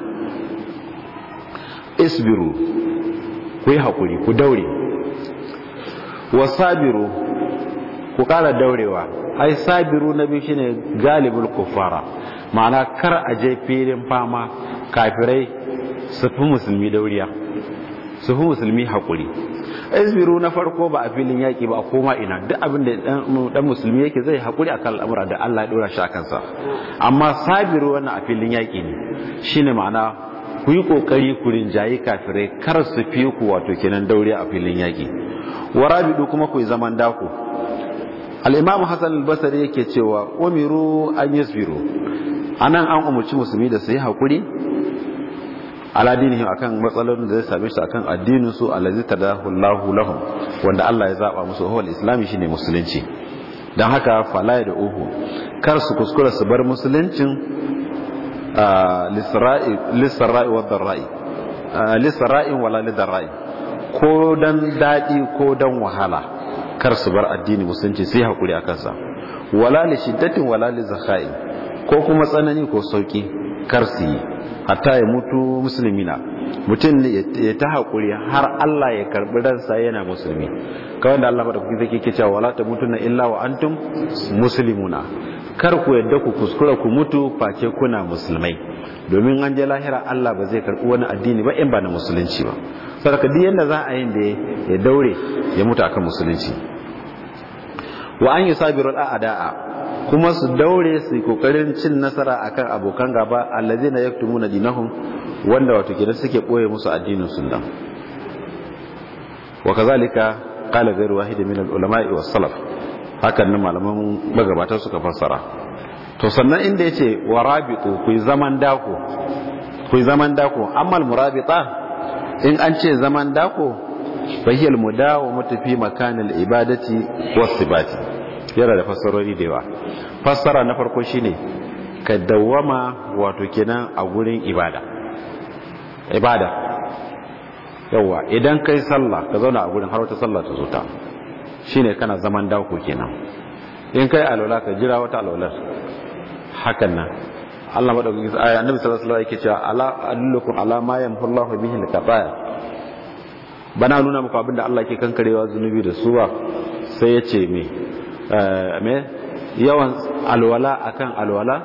isbiru ku yi hakuri ku daure wasabiru ku ƙara daurewa ai sabiru na biyu shine galibul kuffara ma'ana kar a je filin fama kafirai su fi musulmi dauriya su fi musulmi haƙuri isbiru na farko ba a filin yaƙi ba a koma ina duk abin da dan musulmi yake zai haƙuri akan al'amura da Allah ya dora shi akan sa amma sabiru wannan a filin yaƙi ne shine ma'ana ku yi kokari ku rinjayi kafirai kar su fi ku wato kenan dauri a filin yaƙi warabidu kuma ku zaman dako al-imamu hasan al-basri yake cewa umiru an yasbiru anan an umarci musulmi da su yi haƙuri ala dinihim akan matsalolin da zai same su akan addinin su allazi tadahu Allahu lahum wanda Allah ya zaba musu huwal islami shine musulunci dan haka fala da uhu kar su kuskura su bar musuluncin lisra'i lisra'i wa darra'i lisra'i wala lidarra'i ko dan dadi ko dan wahala kar su bar addini musulunci sai hakuri akan sa wala li shiddatin wala li ko kuma tsanani ko sauki karsi hatta ya mutu musulmina mutum ya ta haƙuri har Allah ya karɓi ransa yana musulmi kawai da Allah maɗaukaki zai ke cewa wala ta mutu na illa wa antum musulmuna kar ku yadda ku kuskura ku mutu face kuna musulmai domin an je lahira Allah ba zai karɓi wani addini ba in ba na musulunci ba saboda duk yadda za a yi da ya daure ya mutu akan musulunci wa an sabirul a'ada'a kuma su daure su yi kokarin cin nasara akan abokan gaba na yaktu muna dinahun wanda wato gida suke ɓoye musu addinin dan. wa kazalika qala ghayru wahidin min al-ulama'i was-salaf hakan nan malaman magabata suka fassara to sannan inda yace warabitu ku zaman dako ku zaman dako amma al-murabita in an ce zaman dako fahiyal mudawamatu fi makanil ibadati was-sibati yana da fassarori da yawa fassara na farko shine ka dawwama wato kenan a gurin ibada ibada yawa idan kai sallah ka zauna a gurin har wata sallah ta zo ta shine kana zaman dako kenan in kai alwala ka jira wata alwalar hakan nan Allah madaukakin aya annabi sallallahu alaihi wasallam yake cewa ala adullukum ala ma yamhullahu bihi al-kafaya bana nuna muku abinda Allah yake kankarewa zunubi da suwa sai ya ce me Eh, me yawan alwala akan alwala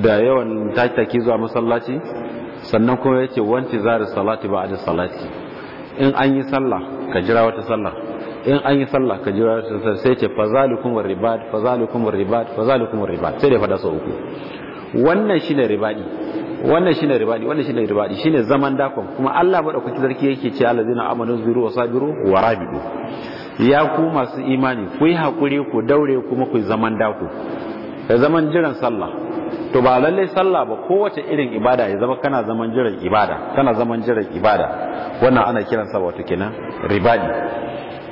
da yawan tattaki zuwa masallaci sannan kuma yace wanti zari salati ba'da salati in an yi sallah ka jira wata sallah in an yi sallah ka jira wata sallah sai ce kuma ribad fa ribad kuma ribad sai dai fada sau uku wannan shine ribadi wannan shine ribadi wannan shine ribadi shine zaman dakon kuma Allah bada kuki zarki yake ce alazina amanu zuru wa sabiru wa rabidu ya ku masu imani ku yi haƙuri ku daure kuma ku zaman daku da zaman jiran sallah to ba lallai sallah ba kowace irin ibada ya zama kana zaman jiran ibada kana zaman jiran ibada wannan ana kiransa wato kenan ribadi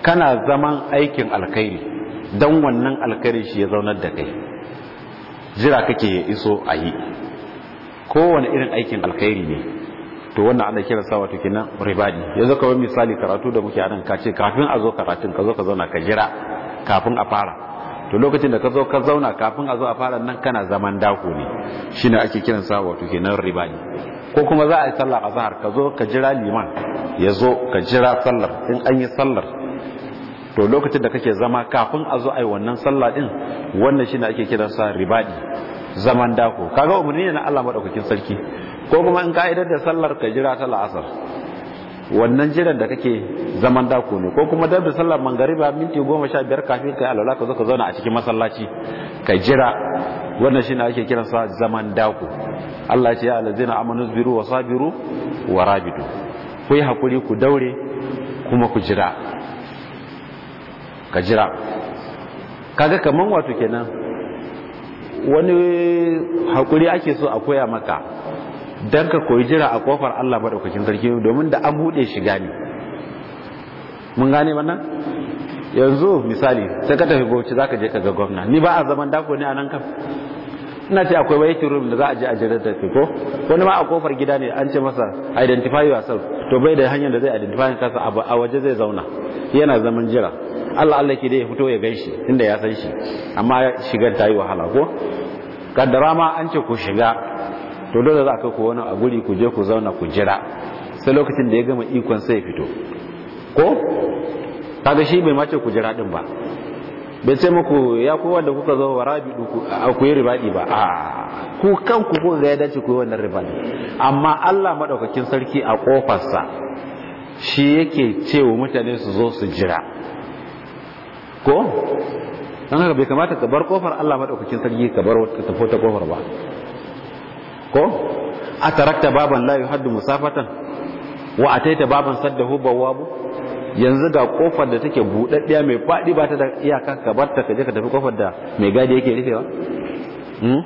kana zaman aikin alkhairi dan wannan alkhairi shi ya zaunar da kai jira kake ya iso a yi kowane irin aikin alkhairi ne to wannan ana kiran sa wato kenan ribadi yanzu wani misali karatu da muke anan ka ce kafin a zo karatun ka zo ka zauna ka jira kafin a fara to lokacin da ka zo ka zauna kafin a zo a fara nan kana zaman dako ne shine ake kiran sa wato kenan ribadi ko kuma za a yi sallar azhar ka zo ka jira liman ya zo ka jira sallar in an yi sallar to lokacin da kake zama kafin a zo a yi wannan sallah din wannan shine ake kiran sa ribadi zaman dako kaga umarni ne na Allah madaukakin sarki ko kuma in ka'idar da sallar ka jira ta la'asar wannan jiran da kake zaman dako ne ko kuma da sallar ba minti goma sha biyar kafin ka yi alwala ka zo ka zauna a cikin masallaci ka jira wannan shi ne ake kiransa zaman dako Allah ya ce ya alazina amanu biru wa sabiru wa rabidu ku yi hakuri ku daure kuma ku jira ka jira kaga kaman wato kenan wani hakuri ake so a koya maka dan ka koyi jira a kofar Allah madaukakin sarki domin da an buɗe shiga ne mun gane wannan yanzu misali sai ka tafi bauchi za ka je ka ga gwamna ni ba a zaman dako ne a nan kam ina ce akwai waiting room da za a je a jira da ko wani ma a kofar gida ne an ce masa identify yourself to bai da hanyar da zai identify kansa a waje zai zauna yana zaman jira Allah Allah ke da ya fito ya shi tunda ya san shi amma shigar ta yi wahala ko kaddara ma an ce ku shiga to dole za ka ku a guri ku je ku zauna ku jira sai lokacin da ya gama ikon sai ya fito ko kaga shi bai mace ku jira din ba bai ce muku ya kowa da kuka zo wa rabi ku yi ribadi ba a ku kanku ku ga ya dace ku yi wannan ribadi amma Allah madaukakin sarki a kofarsa shi yake cewa mutane su zo su jira ko don haka bai kamata ka bar kofar Allah madaukakin sarki ka bar ta kofar ba ko a tarakta baban la haddu musafatan wa a taita baban saddahu bawabu yanzu ga kofar da take budaddiya mai faɗi ba ta da iyaka ka bar ta kaje ka tafi kofar da mai gadi yake rufewa hmm?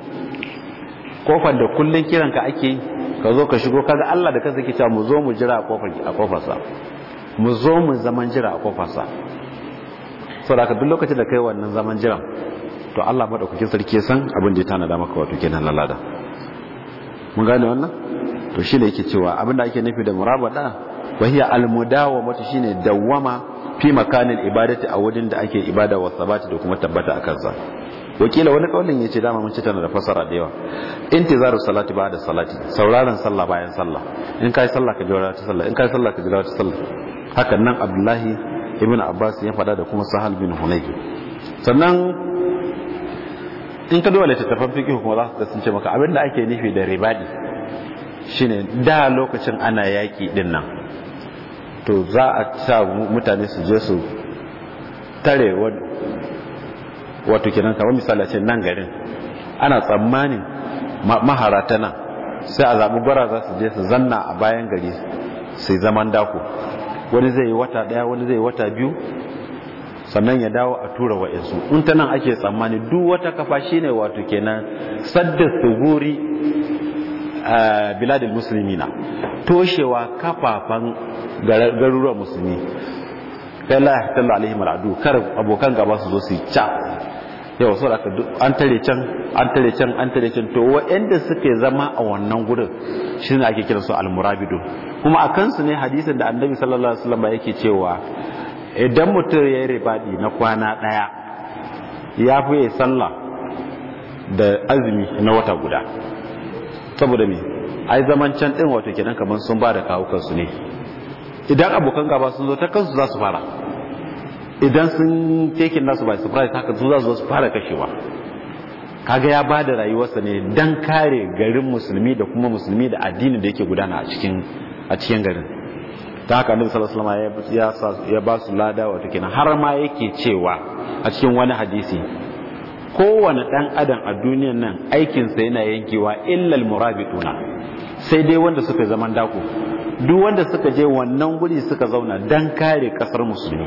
kofar da kullun kiranka ake yi ka zo ka shigo kaga Allah da ka yake cewa mu zo mu jira a kofar a kofarsa mu zo mu zaman jira a kofarsa saboda ka duk lokacin da kai wannan zaman jiran to Allah madaukakin sarki ya san abin da ya tana da maka wato kenan lalada mun gane wannan to shi ne yake cewa abinda ake nufi da murabada wa hiya almudawamatu shine dawwama fi makanin ibadati a wajen da ake ibada wa sabati da kuma tabbata akan sa wakila wani kaulin yace dama mun ci tana da fasara da yawa intizaru salati ba da salati sauraron sallah bayan sallah in kai sallah ka jira ta sallah in kai sallah ka jira ta sallah hakan nan abdullahi ibn abbas ya fada da kuma sahal bin hunayf sannan in ka ta littattafan fiƙi kuma za su sun ce maka abinda da ake nufi da ribadi shine da lokacin ana yaƙi din nan to za a sa mutane su je su tare wato kenan kamar misali ce nan garin ana tsammanin mahara nan sai a zaɓi gwara za su je su zanna a bayan gari su zaman dako wani zai yi wata ɗaya wani zai yi wata biyu sannan ya dawo a tura wa'insu in ta nan ake tsammani duk wata kafa shine wato kenan sadda tsuguri a Musulmi na toshewa kafafan garuruwan musulmi kai la yahtallu alaihim al'adu kar abokan gaba su zo su ca yau so da an tare can an tare can an tare can to waɗanda suke zama a wannan gurin ne ake kiransu su murabidu kuma a kansu ne hadisin da annabi sallallahu alaihi wasallam yake cewa idan mutum ya yi ribadi na kwana ɗaya ya fi yi sallah da azumi na wata guda saboda me ai zaman can ɗin wato kenan kamar sun ba da kawukansu ne idan abokan gaba sun zo ta kansu za su fara idan sun tekin nasu su fara ta su za su zo su fara kashewa kaga ya ba da rayuwarsa ne don kare garin musulmi da kuma musulmi da addinin da yake gudana a cikin garin ta haka annabi sallallahu ya ba su lada wato kenan har ma yake cewa a cikin wani hadisi kowane dan adam a duniyan nan aikinsa yana yankewa illal murabituna sai dai wanda suka zaman dako duk wanda suka je wannan guri suka zauna dan kare kasar musulmi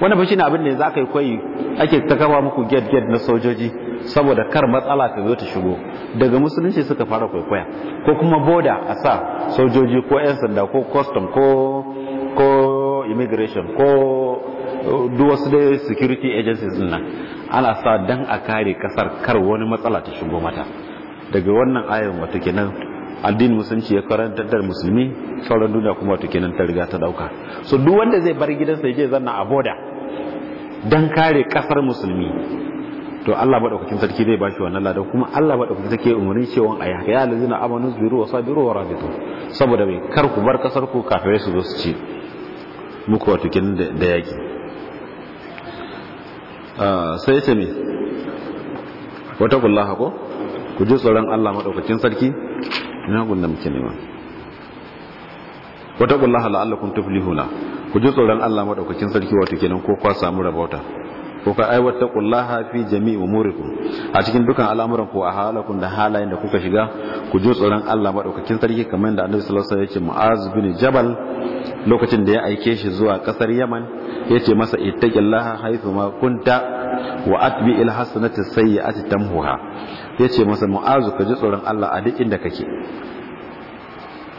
wannan fa shine abin da yanzu aka yi koyi ake ta kawo muku get get na sojoji saboda kar matsala ta zo ta shigo daga musulunci suka fara kwaikwaya ko kuma boda a sa sojoji ko 'yan sanda ko custom ko ko immigration ko duwasu da security agencies din nan ana sa dan a kare kasar kar wani matsala ta shigo mata daga wannan ayon wato kenan addinin musulunci ya karanta da musulmi sauran duniya kuma wato kenan ta riga ta dauka so duk wanda zai bar gidansa ya je zanna a boda dan kare kasar musulmi to Allah madaukakin sarki zai bashi wannan ladan kuma Allah madaukakin sarki umarni cewa ayi haka ya lazina amanu zuru wa sabiru wa rabitu saboda mai kar ku bar kasar ku kafirai su zo su ci muku wato kin da yaki ah, sai ta ne wata kullaha ko ku ji tsoron Allah madaukakin sarki ina gunda muke nema wata kullaha la'allakum tuflihuna ku ji tsoron Allah madaukakin sarki wato kenan ko kwa samu rabauta ko ka aiwata kullaha fi jami'i umurikum a cikin dukan al'amuran ku a halakun da halayen da kuka shiga ku ji tsoron Allah madaukakin sarki kamar da Annabi sallallahu alaihi wasallam yake Mu'az bin Jabal lokacin da ya aike shi zuwa kasar Yaman yace masa ittaqillaha haythu ma kunta wa atbi'il hasanati sayyi'ati tamhuha yace masa Mu'az ka ji tsoron Allah a duk inda kake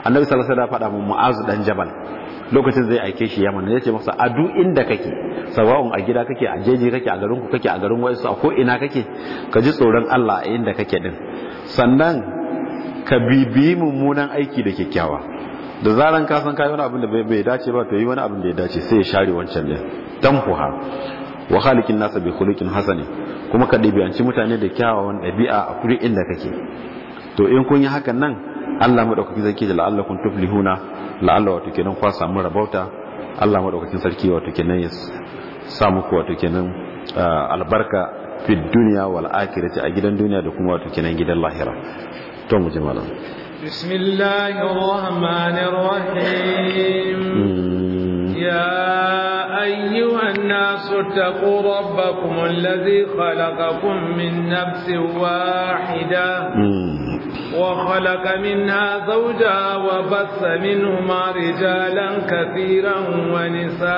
Annabi sallallahu alaihi wasallam ya faɗa mu Mu'az dan Jabal lokacin zai aike shi ne ya ce masa a duk inda kake sawa'un a gida kake a jeji kake a garin kake a garin wasu a koina kake ka ji tsoron Allah a inda kake din sannan ka bibiyi mummunan aiki da kyakkyawa da zaran ka san kai wani abin da bai dace ba to yi wani abin da ya dace sai ya share wancan din ha wa khaliqin nasa bi khuluqin hasani kuma ka ɗabi'anci mutane da kyawawan ɗabi'a a kuri inda kake to in kun yi hakan nan Allah madaukakin sarki da la'allakun tuflihuna la'alla wato kenan kwa samu rabauta Allah madaukakin sarki wato kenan ya samu ku wato kenan albarka fi dunya wal akhirati a gidan duniya da kuma wato kenan gidan lahira to mu jimala bismillahir rahmanir rahim hmm. ya أيها الناس اتقوا ربكم الذي خلقكم من نفس واحدة وخلق منها زوجها وبث منهما رجالا كثيرا ونساء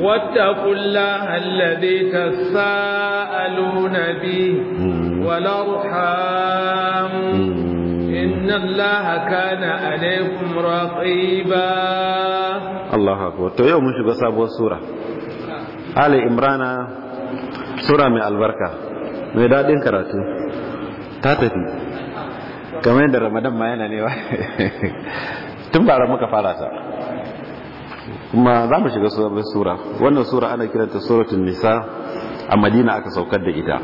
واتقوا الله الذي تساءلون به والأرحام إن الله كان عليكم رقيبا الله أكبر تو يوم شو سورة آل إمرانا سورة من البركة mai daɗin karatu ta tafi kamar yadda ramadan ma yana newa tun bara muka fara ta kuma za mu shiga sabon sura wannan sura ana kiranta suratun nisa a madina aka saukar da ita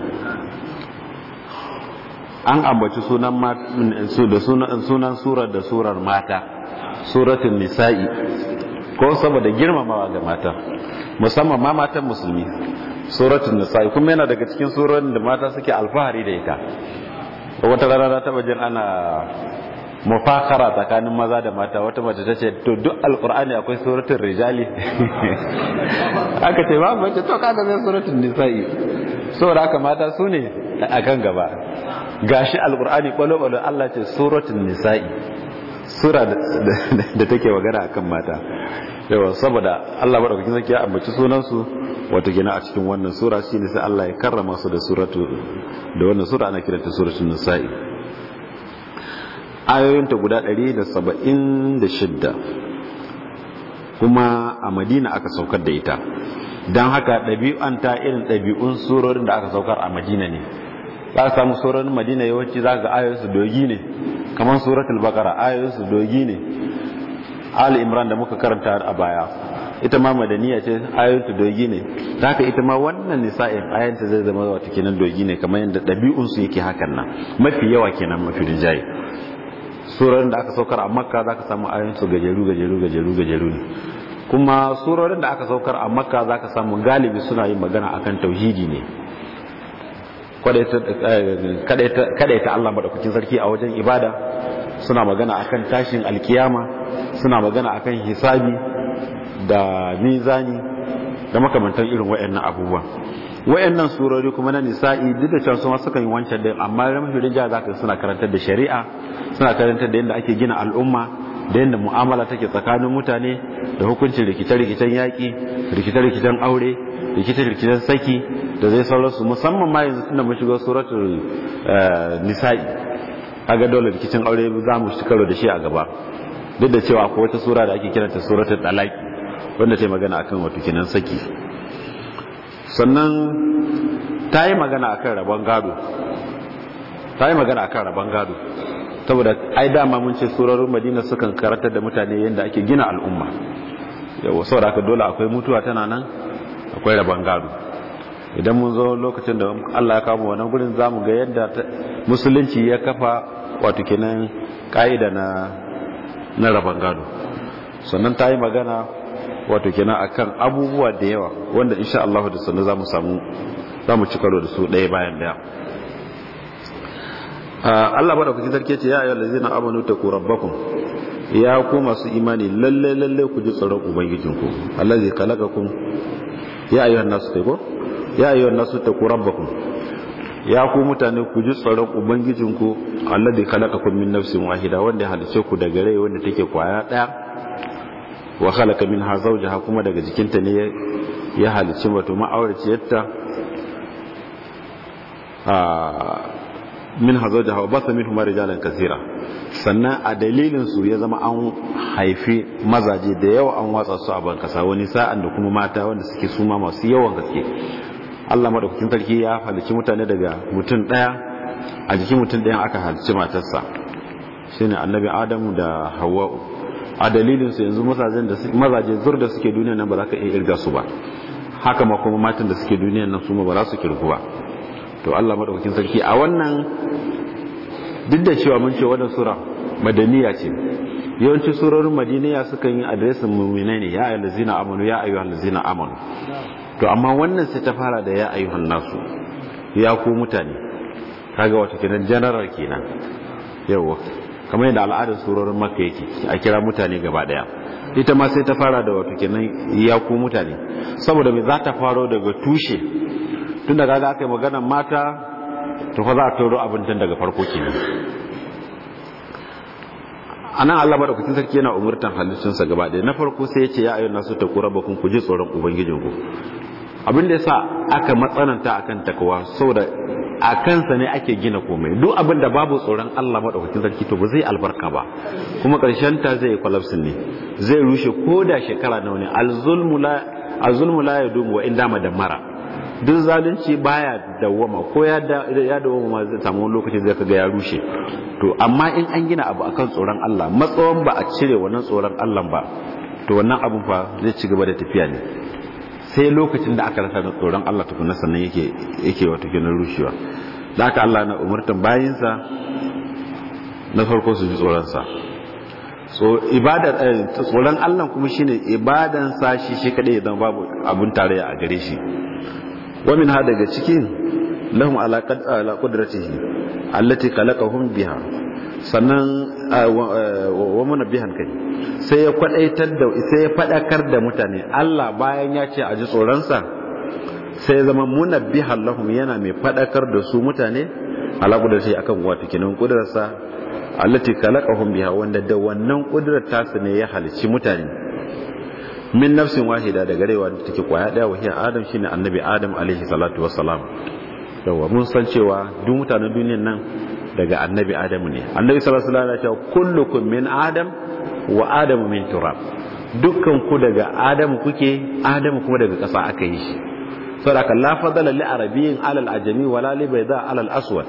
an ambaci sunan sunan surar da surar mata suratun nisa'i ko saboda girmamawa ga mata musamman ma matan musulmi suratun nisa kuma yana daga cikin surorin da mata suke alfahari da ita wata rana na taba jin ana mufakara tsakanin maza da mata wata mace ta ce to duk alkur'ani akwai suratun rijali aka ce babu mace to kaga zai suratun nisa'i saboda aka mata su ne a kan gaba gashi alkur'ani kwalo-kwalo Allah ce suratun nisa'i sura da take magana akan mata yawa saboda Allah madaukakin sarki ya ambaci sunansu wata gina a cikin wannan sura shine sai Allah ya karrama su da suratu da wannan sura ana kiranta suratul nisa'i ta guda 176 kuma a Madina aka saukar da ita don haka an ta irin ɗabi'un surorin da aka saukar a Madina ne za ka samu surorin Madina yawanci za ga ayoyinsu dogi ne kamar suratul baqara ayoyinsu dogi ne ali imran da muka karanta a baya ita ma madaniya ce ayoyinta dogi ne haka ita ma wannan nisa'in ayoyinta zai zama wata kenan dogi ne kamar yadda ɗabi'unsu yake hakan nan mafi yawa kenan mafi rija'i. surorin da aka saukar a makka za ka samu ayoyinsu gajeru gajeru gajeru gajeru ne kuma surorin da aka saukar a makka za ka samu galibi suna yin magana akan tauhidi ne kadaita eh, Allah madaukakin sarki a wajen ibada suna magana akan tashin alkiyama suna magana akan hisabi da mizani da makamantar irin wayannan abubuwa wayannan surori kuma na nisa'i duk da cewa su suka yi wancan din amma mafi za ka suna karantar da shari'a suna karantar da yadda ake gina al'umma da yadda mu'amala take tsakanin mutane da hukuncin rikice-rikicen yaƙi rikice-rikicen aure rikice-rikicen saki da zai sauransu musamman ma yanzu tunda mun shiga suratul eh, nisa'i kaga dole rikicin aure za mu shi karo da shi a gaba duk da cewa akwai wata sura da ake kiranta suratul talaq wanda ta yi magana akan wato kinan saki sannan ta yi magana akan rabon gado ta yi magana akan rabon gado saboda ai dama mun ce surar madina sukan karantar da mutane yadda ake gina al'umma yawa saboda haka dole akwai mutuwa tana nan akwai rabon gado idan mun zo lokacin da Allah ya kama wannan gurin zamu ga yadda musulunci ya kafa wato kenan ka'ida na na rabon gado sannan ta yi magana wato kenan akan abubuwa da yawa wanda insha Allah da sannan za mu samu za mu ci karo da su ɗaya bayan ɗaya Allah bada kuke zarke ce ya yi ayyuhal ladzina amanu taqu rabbakum ya ku masu imani lalle lalle ku ji tsoron ubangijinku Allah zai ya ayyuhan nasu yi ya su nasu ku rabbakum ya ku mutane ku ji tsaron ubangijinku Allah da kalaka kun min nafsin wahida wanda halice ku daga rai wanda take kwaya daya wa khalaqa minha zawjaha kuma daga jikinta ne ya halice wato ma'auraciyarta a ah, min hazawjaha wa min huma rijalan kaseera sannan a dalilin su ya zama an haifi mazaje da yawa an watsa su a bankasa wani sa'an da kuma mata wanda suke suma masu yawan gaske Allah madaukakin sarki ya halicci mutane daga mutum daya a jikin mutum daya aka halicci matarsa shine annabi Adamu da Hawwa a dalilin su yanzu mazajen da mazaje zur da suke duniya nan ba za ka iya irga su ba haka ma kuma matan da suke duniya nan su ma ba za su kirgu ba to Allah madaukakin sarki a wannan duk da cewa mun ce wannan sura madaniya ce yawancin surorin madaniya sukan yi adresin mu'minai ne ya ayyuhallazina amanu ya ayyuhallazina amanu to amma wannan sai ta fara da ya ayyuhan nasu ya ku mutane kaga wata kenan general kenan yawa kamar yadda al'adar surorin maka yake a kira mutane gaba daya ita ma sai ta fara da wato kenan ya ku mutane saboda me za ta faro daga tushe tun da kaga aka yi magana mata to fa za a tauro abin tun daga farko kenan anan Allah madaukakin sarki yana umurtan halittunsa gaba ɗaya na farko sai ya ce ya ayyana su taku bakun ku ji tsoron ubangijinku abin da yasa aka matsananta akan takwa saboda a kansa ne ake gina komai duk abin da babu tsoron Allah madaukakin sarki to ba zai albarka ba kuma karshen ta zai kwalabsin ne zai rushe ko da shekara nawa ne alzulmu la la yadumu wa inda madamara duk zalunci baya dawwama ko ya ya dawwama ma zai samu lokaci zai kaga ya rushe to amma in an gina abu akan tsoron Allah matsawan ba a cire wannan tsoron Allah ba to wannan abun fa zai ci gaba da tafiya ne sai lokacin da aka rasa da tsoron Allah tukuna sannan yake yake wata ginin rushewa da aka Allah na umurtan sa na farko su ji tsoron sa so ibada eh, tsoron Allah kuma shine ibadan sa shi shi kadai idan babu abun tarayya a gare shi wa min ha daga cikin lahum ala qadratihi allati khalaqahum biha sannan wa bihan kai sai ya kwadaitar da sai ya fadakar da mutane Allah bayan ya ce a ji tsoronsa sai ya zama munabbihan lahum yana mai fadakar da su mutane da shi akan wato kinan kudarsa allati khalaqahum biha wanda da wannan kudarar tasu ne ya halici mutane min nafsin wahida daga rewa da take kwaya daya wahiya adam shine annabi adam alaihi salatu wassalam yawa mun san cewa duk mutanen duniyar nan daga annabi adamu ne annabi sallallahu alaihi wasallam ya ce kullukum min adam wa adamu min turab dukkan ku daga adamu kuke adamu kuma daga ƙasa aka yi shi saboda la fadala li arabiyyin al ajami wala li bayda alal aswad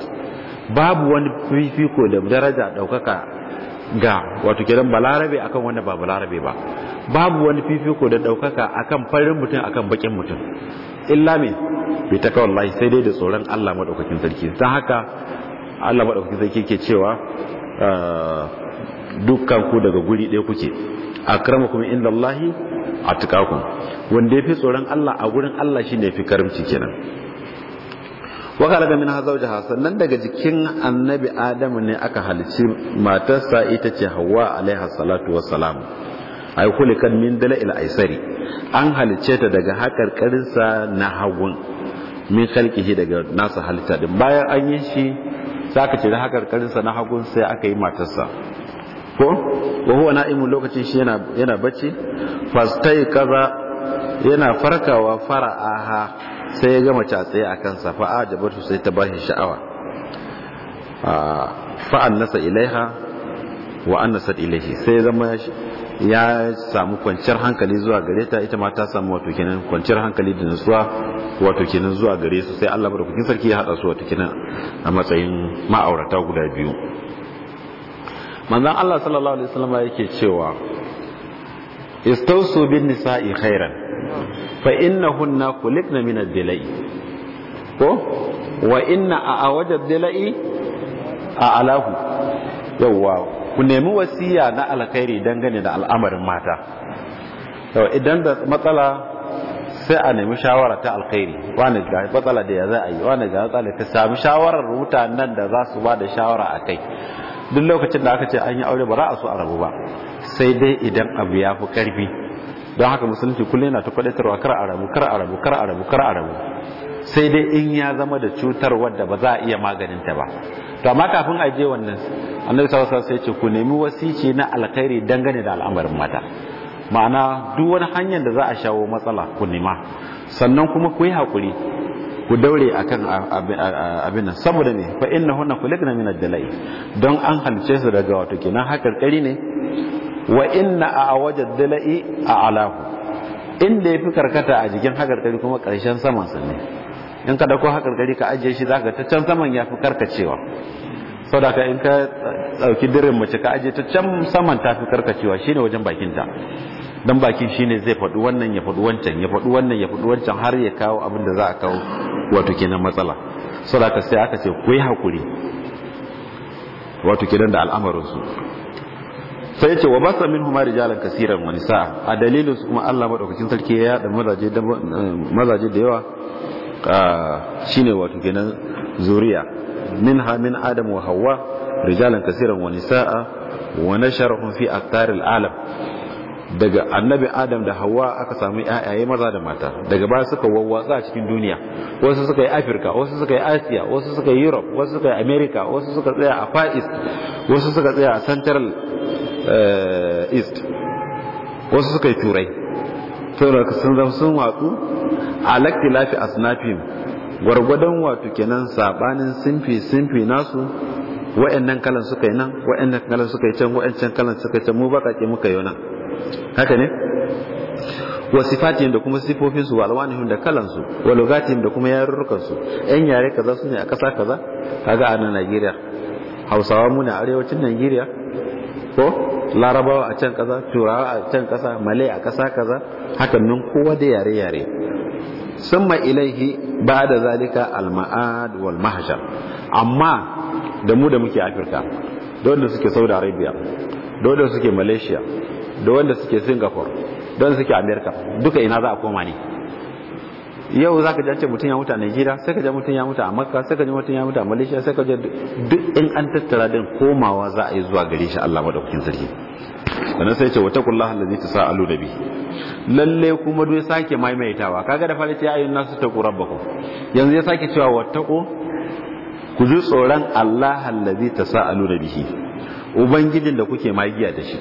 babu wani fifiko da daraja daukaka ga wato kiran balarabe akan wanda ba balarabe ba babu wani fifiko da daukaka akan farin mutum akan bakin mutum illa me bi takawallahi sai dai da tsoron Allah madaukakin sarki ta haka Allah madaukakin sarki yake cewa ah, dukkan ku daga guri ɗaya kuke akramakum indallahi atqakum wanda yafi tsoron Allah a gurin Allah shine yafi karimci kenan wa kala da min hazaujaha sannan daga jikin annabi adamu ne aka halici matarsa ita ce hawa alaiha salatu wassalam ay kulikan min dala'il aisari an halice ta daga hakarkarinsa na hagun min khalqihi daga nasa halitta din bayan an yi shi sai aka ce na karinsa na hagun sai aka yi matarsa ko wa huwa na'imun lokacin shi yana yana bacci fastai kaza yana farkawa fara'aha sai ya gama mace a tsaye a kansa fa sai ta bashi sha'awa ah, fa'an nasa ilaiha wa annasat ilaihi sai zama ya samu kwanciyar hankali zuwa gare ta ita ma ta samu wato kenan kwanciyar hankali da nutsuwa wato kenan zuwa gare su sai Allah madaukakin sarki ya hada su wato kenan a matsayin ma'aurata guda biyu manzon Allah sallallahu alaihi wasallam yake cewa istausu bin nisa'i khairan fa innahunna kulibna min ad-dilai ko wa inna a awajad dilai a alahu yawwa ku nemi wasiya na alkhairi dangane da al'amarin mata to idan da matsala sai a nemi shawara ta alkhairi wani ga matsala da ya za a yi wani ga matsala ta sami shawarar mutanen da za su ba da shawara a kai duk lokacin da aka ce an yi aure ba za a so a rabu ba sai dai idan abu ya fi karfi don haka musulunci kullum yana ta kwadatarwa kar a rabu kar a rabu kar a rabu kar a rabu sai dai in ya zama da cutar wadda ba za a iya maganinta ba to amma kafin a je wannan annabi sallallahu alaihi wasallam ya ce ku nemi wasici na alkhairi dangane da al'amarin mata ma'ana duk wani hanyar da za a shawo matsala ku nema sannan kuma ku yi hakuri ku daure akan abin nan saboda ne fa inna hunna kulikna min ad-dalai don an halice su daga wato kenan hakarkari ne wa inna a wajen dalai a alahu inda yafi fi karkata a jikin hakarkari kuma karshen saman sa ne in ka dauko gari ka ajiye shi zaka ta can saman yafi karkacewa saboda ka in ka dauki dirin mace ka ajiye ta can saman tafi karkacewa shine wajen bakinta dan bakin shine zai fadu wannan ya fadu wancan ya fadu wannan ya fadu wancan har ya kawo abin da za a kawo wato kenan matsala saboda ka sai aka ce ku yi hakuri wato kenan da al'amarin su sai ce wa basa min huma rijalan kasiran wa nisaa a dalilin su kuma Allah madaukakin sarki ya yada mazaje mazaje da yawa shine wato kenan zuriya minha min adam wa hawa rijalan kasiran wa nisaa wa nasharahum fi aktaril alam daga annabi adam da hawa aka samu ayaye maza da mata daga ba suka wawwatsa a cikin duniya wasu suka yi afirka wasu suka yi asiya wasu suka yi europe wasu suka yi america wasu suka tsaya a far east wasu suka tsaya a central east wasu suka yi turai saboda ka sun zama sun watsu a laktilafi asnafim gwargwadon wato kenan sabanin sinfi sinfi nasu wa'annan kalan suka yi nan wa'annan kalan suka yi can wa'ancan kalan suka yi can mu ke muka yi nan haka ne wa sifatihim da kuma sifofin su wa alwanihim da kalan su wa lugatihim da kuma yarurrukan su yan yare kaza su ne a kasa kaza kaga a nan Najeriya Hausawa mu ne arewacin Najeriya ko larabawa a can kaza turawa a can kasa malai a kasa kaza hakan nan kowa da yare yare summa ilaihi da zalika al wal mahajar amma da mu da muke Afirka da wanda suke Saudi Arabia da wanda suke Malaysia da wanda suke Singapore da wanda suke America duka ina za a koma ne yau za ka ji ce mutum ya mutu a Najeriya sai ka je mutum ya mutu a Makka sai ka ji mutum ya mutu a Malaysia sai ka je duk in an tattara din komawa za a yi zuwa gare shi Allah madaukakin sarki sannan sai ce wa ta sa a da bi lalle kuma duk sake maimaitawa kaga da fara ce yi nasu kura bako yanzu ya sake cewa wa taqu ku ji tsoron Allah sa tasaalu da bihi ubangijin da kuke magiya da shi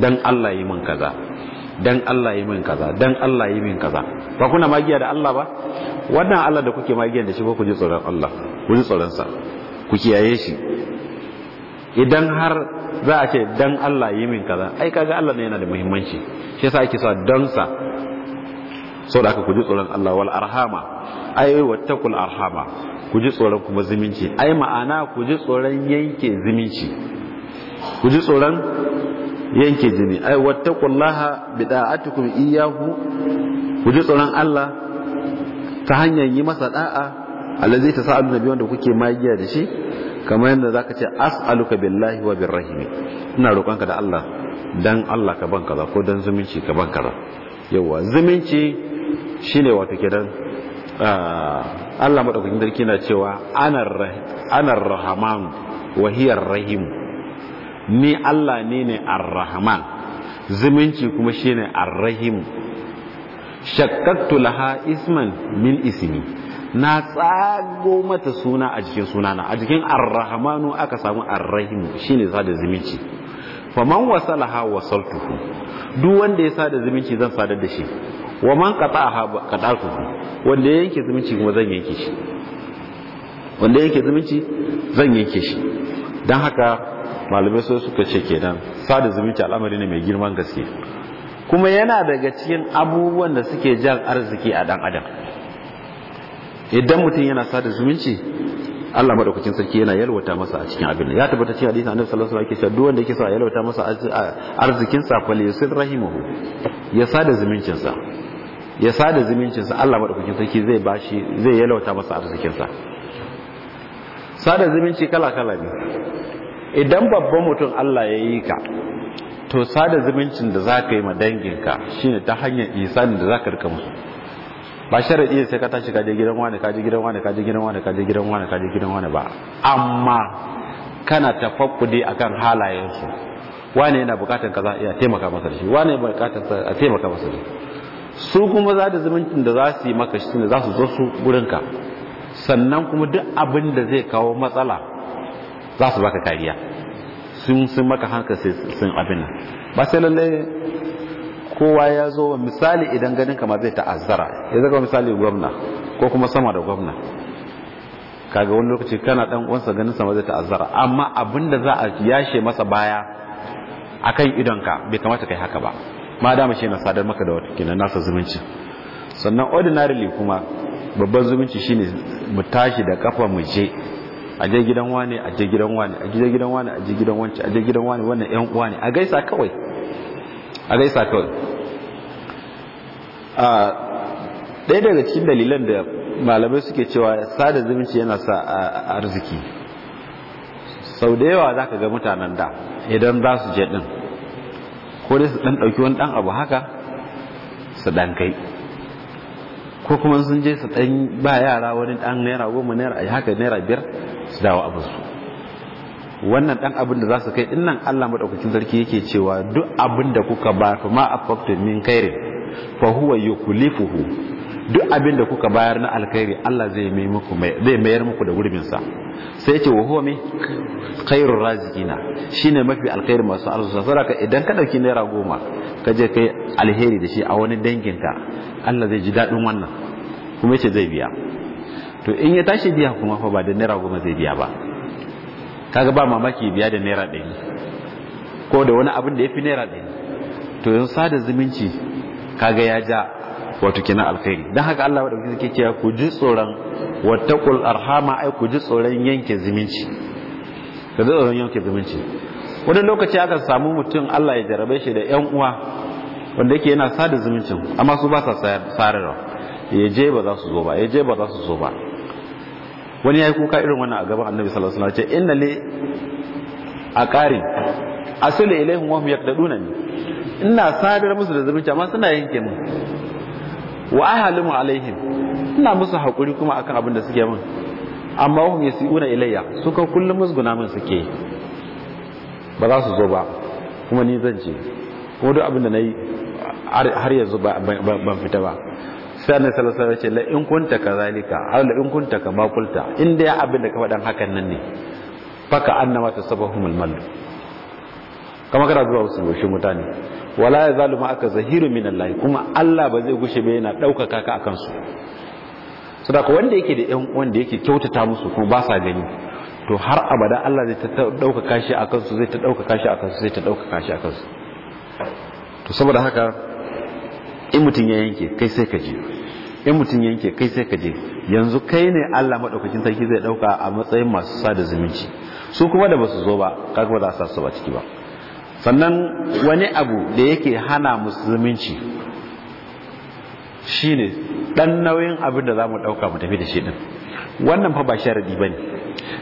don Allah yi min kaza dan Allah yi min kaza dan Allah yi min kaza ba kuna magiya da Allah ba wannan Allah da kuke magiya da shi ba ku ji tsoron Allah ku ji tsoron sa ku kiyaye shi idan har za a ce dan Allah yi min kaza ai kaga Allah ne yana da muhimmanci shi yasa ake sa don sa saboda haka ku ji tsoron Allah wal arhama ai wattakul arhama ku ji tsoron kuma zumunci ai ma'ana ku ji tsoron yanke zumunci ku ji tsoron yanke jini ai wattaqullaha bida'atukum iyyahu kuje ji tsoron Allah ta hanyar yi masa da'a allazi tasa'alu nabi wanda kuke magiya da shi kamar yadda zaka ce as'aluka billahi wa birrahimi ina roƙonka da Allah dan Allah ka ban kaza ko dan zumunci ka ban kaza yawa zumunci shine wato kidan Allah madaukakin dalki na cewa anar anar rahman wa rahim ni Allah ne ne ar-rahman zumunci kuma shine ar-rahim shakkattu laha isman min ismi na tsago mata suna a cikin sunana a jikin ar-rahmanu aka samu ar-rahim shine sada zumunci faman wasalaha wasaltuhu duk wanda ya sada zumunci zan sadar da shi wa man qata'aha qata'tuhu wanda yake zumunci kuma zan yanke shi wanda yake zumunci zan yanke shi don haka malamai sai suka ce kenan sada zumunci al'amari ne mai girman gaske kuma yana daga cikin abubuwan da suke jan arziki a dan adam idan mutum yana sada zumunci Allah madaukakin sarki yana yalwata masa a cikin abin ya tabbata cikin hadisi annabi sallallahu alaihi wasallam yake cewa duk wanda yake sa yalwata masa arzikin sa fa liyusir rahimahu ya sada zumuncin sa ya sada zumuncin sa Allah madaukakin sarki zai bashi zai yalwata masa arzikin sa sada zumunci kala kala ne idan babban mutum Allah ya yi ka to sada zumuncin da za ka yi ma danginka shine ta hanyar isanin da za ka rika musu ba iya sai ka tashi kaje gidan wani kaje gidan wani kaje gidan wani kaje gidan wani kaje gidan wani ba amma kana tafakkude akan halayensu wani yana bukatar kaza iya taimaka masa da shi wani yana bukatar a taimaka masa da su kuma za da zumuncin da za su yi maka shi ne za su zo su gurinka sannan kuma duk abin da zai kawo matsala za su baka kariya sun sun maka haka sun abin nan ba sai lalle kowa ya zo misali idan ganin kama zai ta'azzara ya zaga misali gwamna ko kuma sama da gwamna kaga wani lokaci kana dan uwansa ganin sama zai ta'azzara amma abin da za a yashe masa baya akan idonka bai kamata kai haka ba ma dama shi na sadar maka da wata kina nasa zumunci sannan ordinarily kuma babban zumunci shine mu tashi da kafa mu je a je gidan wane a je gidan wane a je gidan wane a je gidan wance a je gidan wane wannan yan uwa ne a gaisa kawai a gaisa kawai a ɗaya daga cikin dalilan da malamai suke cewa sada zumunci yana sa arziki sau da yawa za ka ga mutanen da idan za su je ɗin ko dai su ɗan ɗauki wani ɗan abu haka su ɗan kai ko kuma sun je su ɗan ba yara wani ɗan naira goma naira haka naira biyar su dawo su wannan ɗan abin da za su kai ɗin nan Allah maɗaukacin sarki yake cewa duk abin da kuka ba fa ma afaqtu min khairin fa huwa yuklifuhu duk abin da kuka bayar na alkhairi Allah zai mayar muku da gurbinsa sai yace wa huwa me khairur razikina ne mafi alkhairi masu arzuta saraka idan ka dauki naira goma ka je kai alheri da shi a wani danginka Allah zai ji daɗin wannan kuma yace zai biya to in ya tashi biya kuma fa ba da naira goma zai biya ba kaga ba mamaki biya da naira ɗari ko da wani abin da ya fi naira ɗari to yanzu sada zumunci kaga ya ja wato kenan alkhairi dan haka Allah bada zake cewa ku ji tsoron wattaqul arhama ai ku ji tsoron yanke zumunci ka ji tsoron yanke zumunci wani lokaci aka samu mutum Allah ya jarabe shi da yan uwa wanda yake yana sada zumuncin amma su ba sa sararwa ya je ba za su zo ba ya je ba za su zo ba wani ya yi kuka irin wannan a gaban annabi sallallahu alaihi wasallam ce inna li aqari asulu ilaihim wa hum yaqdaduna ina sadar musu da zumunci amma suna yanke mu. wa ahalimu alaihim ina musu haƙuri kuma akan abin da suke min amma hum siuna ilayya su kan kullum musguna min suke ba za su zo ba kuma ni zan je kuma duk abin da nayi har yanzu ban fita ba sai annabi sallallahu alaihi wasallam ya ce la in kunta kazalika aw la in kunta kama qulta in dai abin da ka faɗan hakan nan ne faka annama tasabahumul mal kama kada zuwa wasu mutane wala ya zalu aka zahiru min Allah kuma Allah ba zai gushe ba yana ɗaukaka ka akan su sadaka wanda yake da ƴan wanda yake kyautata musu kuma ba sa gani to har abada Allah zai ta ɗaukaka shi akan su zai ta ɗaukaka shi akan su zai ta ɗaukaka shi akan su to saboda haka in mutum ya yanke kai sai ka je in mutum ya yanke kai sai ka je yanzu kai ne Allah madaukakin sarki zai ɗauka a matsayin masu sada zumunci su kuma da ba su zo ba kaga ba za a sa su ba ciki ba sannan wani abu da yake hana musulminci shine dan nauyin abin da za mu ɗauka mu tafi da shi ɗin wannan fa ba sharadi bane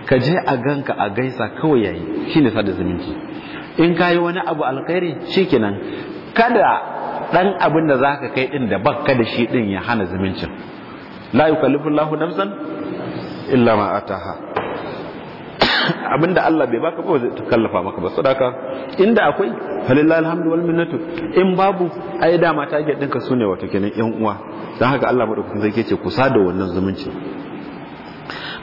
ka je a ganka a gaisa kawai yayi shine sada zumunci in ka yi wani abu alkhairi shikenan kada ɗan abin da za ka kai ɗin da bakka da shi ɗin ya hana zumuncin la yukallifu Allahu nafsan illa ma ataha abinda Allah bai baka ba zai kallafa maka ba sadaka inda akwai falillahi alhamdu wal minnatu in babu ai dama target dinka sune wato kenan yan uwa dan haka Allah madaukakin zai ce ku sada wannan zumunci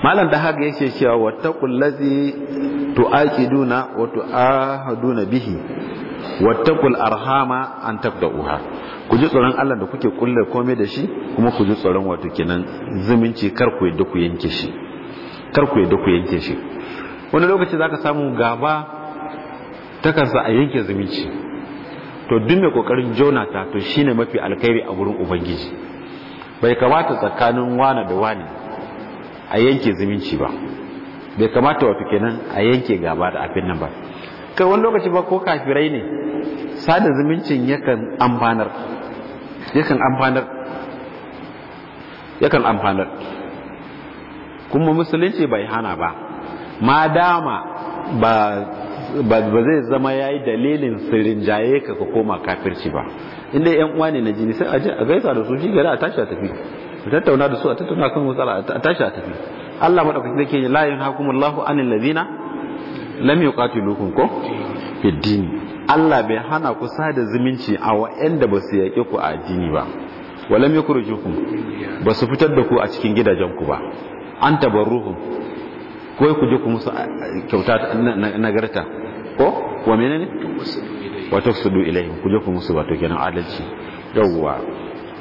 malam da haka yake cewa wattaqul ladzi tuaqiduna wa tuahaduna bihi wattaqul arhama an tabda'uha ku ji tsoron Allah da kuke kulle komai da shi kuma ku ji tsoron wato kenan zumunci kar ku yadda yanke shi kar ku yanke shi wani lokaci za ka samu gaba takan a yanke zumunci to duk mai kokarin jonata to shi ne mafi alkairi a wurin ubangiji bai kamata tsakanin wane da wane a yanke zumunci ba bai kamata wata kenan a yanke gaba da afin nan ba kai wani lokaci ba ko kafirai ne sada zumuncin yakan amfanar yakan amfanar kuma musulunci bai hana ba ma dama ba ba zai zama ya yi dalilin sirin jaye ka ka koma kafirci ba inda yan uwa ne na jini sai a gaisa da su shi gari a tashi a tafi a tattauna da su a tattauna kan matsala a tashi a tafi Allah madaukakin da ke la yanhakumullahu anil ladina lam yuqatilukum ko fiddin Allah bai hana ku sada zumunci a wa'anda ba su yaƙe ku a jini ba walam yukhrijukum ba su fitar da ku a cikin gidajen ku ba an tabarruhum ko ku je ku musu kyauta nagarta ko wa menene wa tafsudu ilaihim ku je ku musu wato kenan adalci yawwa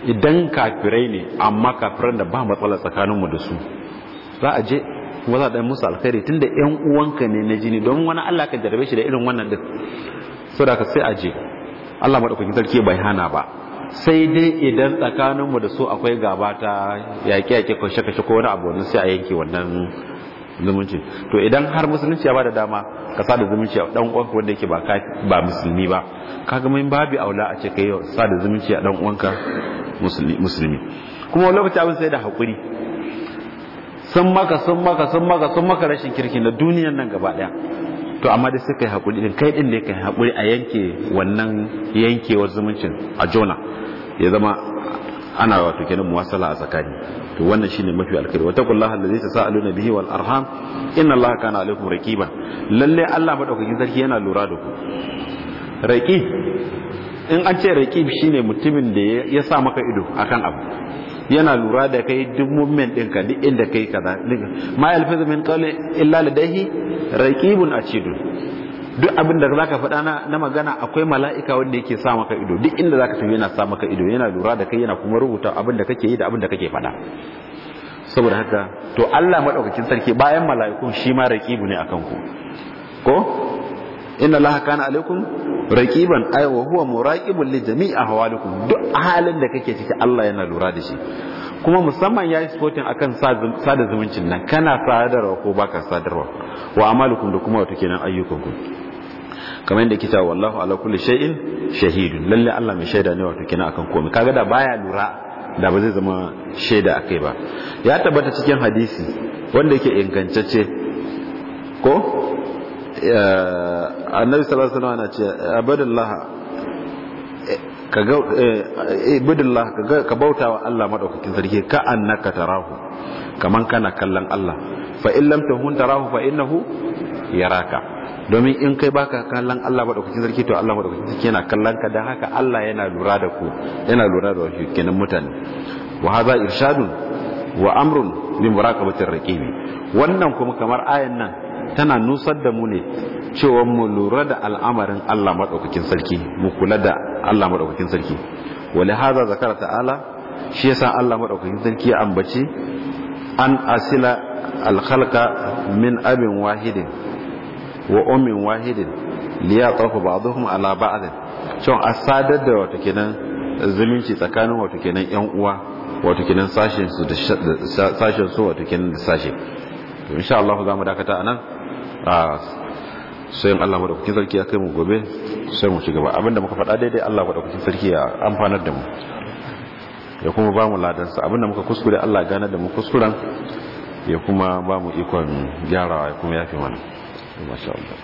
idan kafirai ne amma kafiran da ba matsala tsakaninmu da su za a je kuma za a ɗan musu alkhairi tun da ‘yan uwanka ne na jini don wani Allah ka jarabe shi da irin wannan din saboda da ka sai a je Allah maɗaukakin sarki bai hana ba sai dai idan tsakaninmu da su akwai gaba ta yaƙe ko shaka-shaka ko wani abu wannan sai a yanke wannan zumunci to idan har musulunci ya bada dama ka sa da zumunci a dan uwanka wanda yake ba musulmi ba kaga mun babu aula a ce kai da zumunci a dan uwanka musulmi kuma wani lokaci abin sai da hakuri san maka san maka san maka san maka rashin kirki na duniyar nan gaba daya to amma da suka yi hakuri din kai din da kai hakuri a yanke wannan yankewar zumuncin a jona ya zama ana wato kenan muwasala a tsakani to wannan shine mafi alkhairi wattaqullaha allazi tasaaluna bihi wal arham inna allaha kana alaykum raqiba lalle Allah madaukakin sarki yana lura da ku raqib in an ce raqib shine mutumin da ya sa maka ido akan abu yana lura da kai duk movement ɗinka duk inda kai kaza ma yalfizu min qawli illa ladayhi raqibun atidun duk abin da zaka faɗa na magana akwai mala'ika wanda yake sa maka ido duk inda zaka tafi yana sa maka ido yana lura da kai yana kuma rubuta abin da kake yi da abin da kake faɗa saboda haka to Allah madaukakin sarki bayan mala'ikun shi ma raqibu ne akan ku ko inna Allah kana alaikum raqiban ay wa huwa muraqibun li jami'i ahwalikum duk halin da kake ciki Allah yana lura da shi kuma musamman ya yi sporting akan sada zumuncin nan kana sadarwa ko baka sadarwa wa amalukum da kuma wato kenan ayyukanku kamar yadda kita wallahu ala kulli shay'in shahidun lalle Allah mai shaida ne wato kina akan komai kaga da baya lura da ba zai zama shaida akai ba ya tabbata cikin hadisi wanda yake ingantacce ko annabi sallallahu alaihi wasallam yana ce abadallah eh, ka ga ibadallah ka bauta wa Allah madaukakin sarki ka annaka tarahu kaman kana kallon Allah fa in lam tahun tarahu fa innahu yaraka domin in kai baka kallon Allah madaukakin sarki to Allah madaukakin sarki yana kallon ka dan haka Allah yana lura da ku yana lura da wasu kenan mutane wa hadha irshadun wa amrun li muraqabati raqib wannan kuma kamar ayan nan tana nusar da mu ne cewa mu lura da al'amarin Allah madaukakin sarki mu kula da Allah madaukakin sarki wa li hadha zakara ta'ala shi yasa Allah madaukakin sarki ya ambaci an asila al-khalqa min abin wahidin wa ummin wahidin li yatafu ba'dhum ala ba'd cewa a sadar da wato kenan zumunci tsakanin wato kenan yan uwa wato kenan sashin su da sashin su wato kenan da sashi to insha Allah za mu dakata anan sai Allah madaukakin sarki ya kai mu gobe sai mu ci gaba abinda muka faɗa daidai Allah madaukakin sarki ya amfanar da mu ya kuma ba mu ladansa abinda muka kuskure Allah gane da mu kuskuren ya kuma ba mu ikon gyarawa ya kuma yafi mana ما شاء الله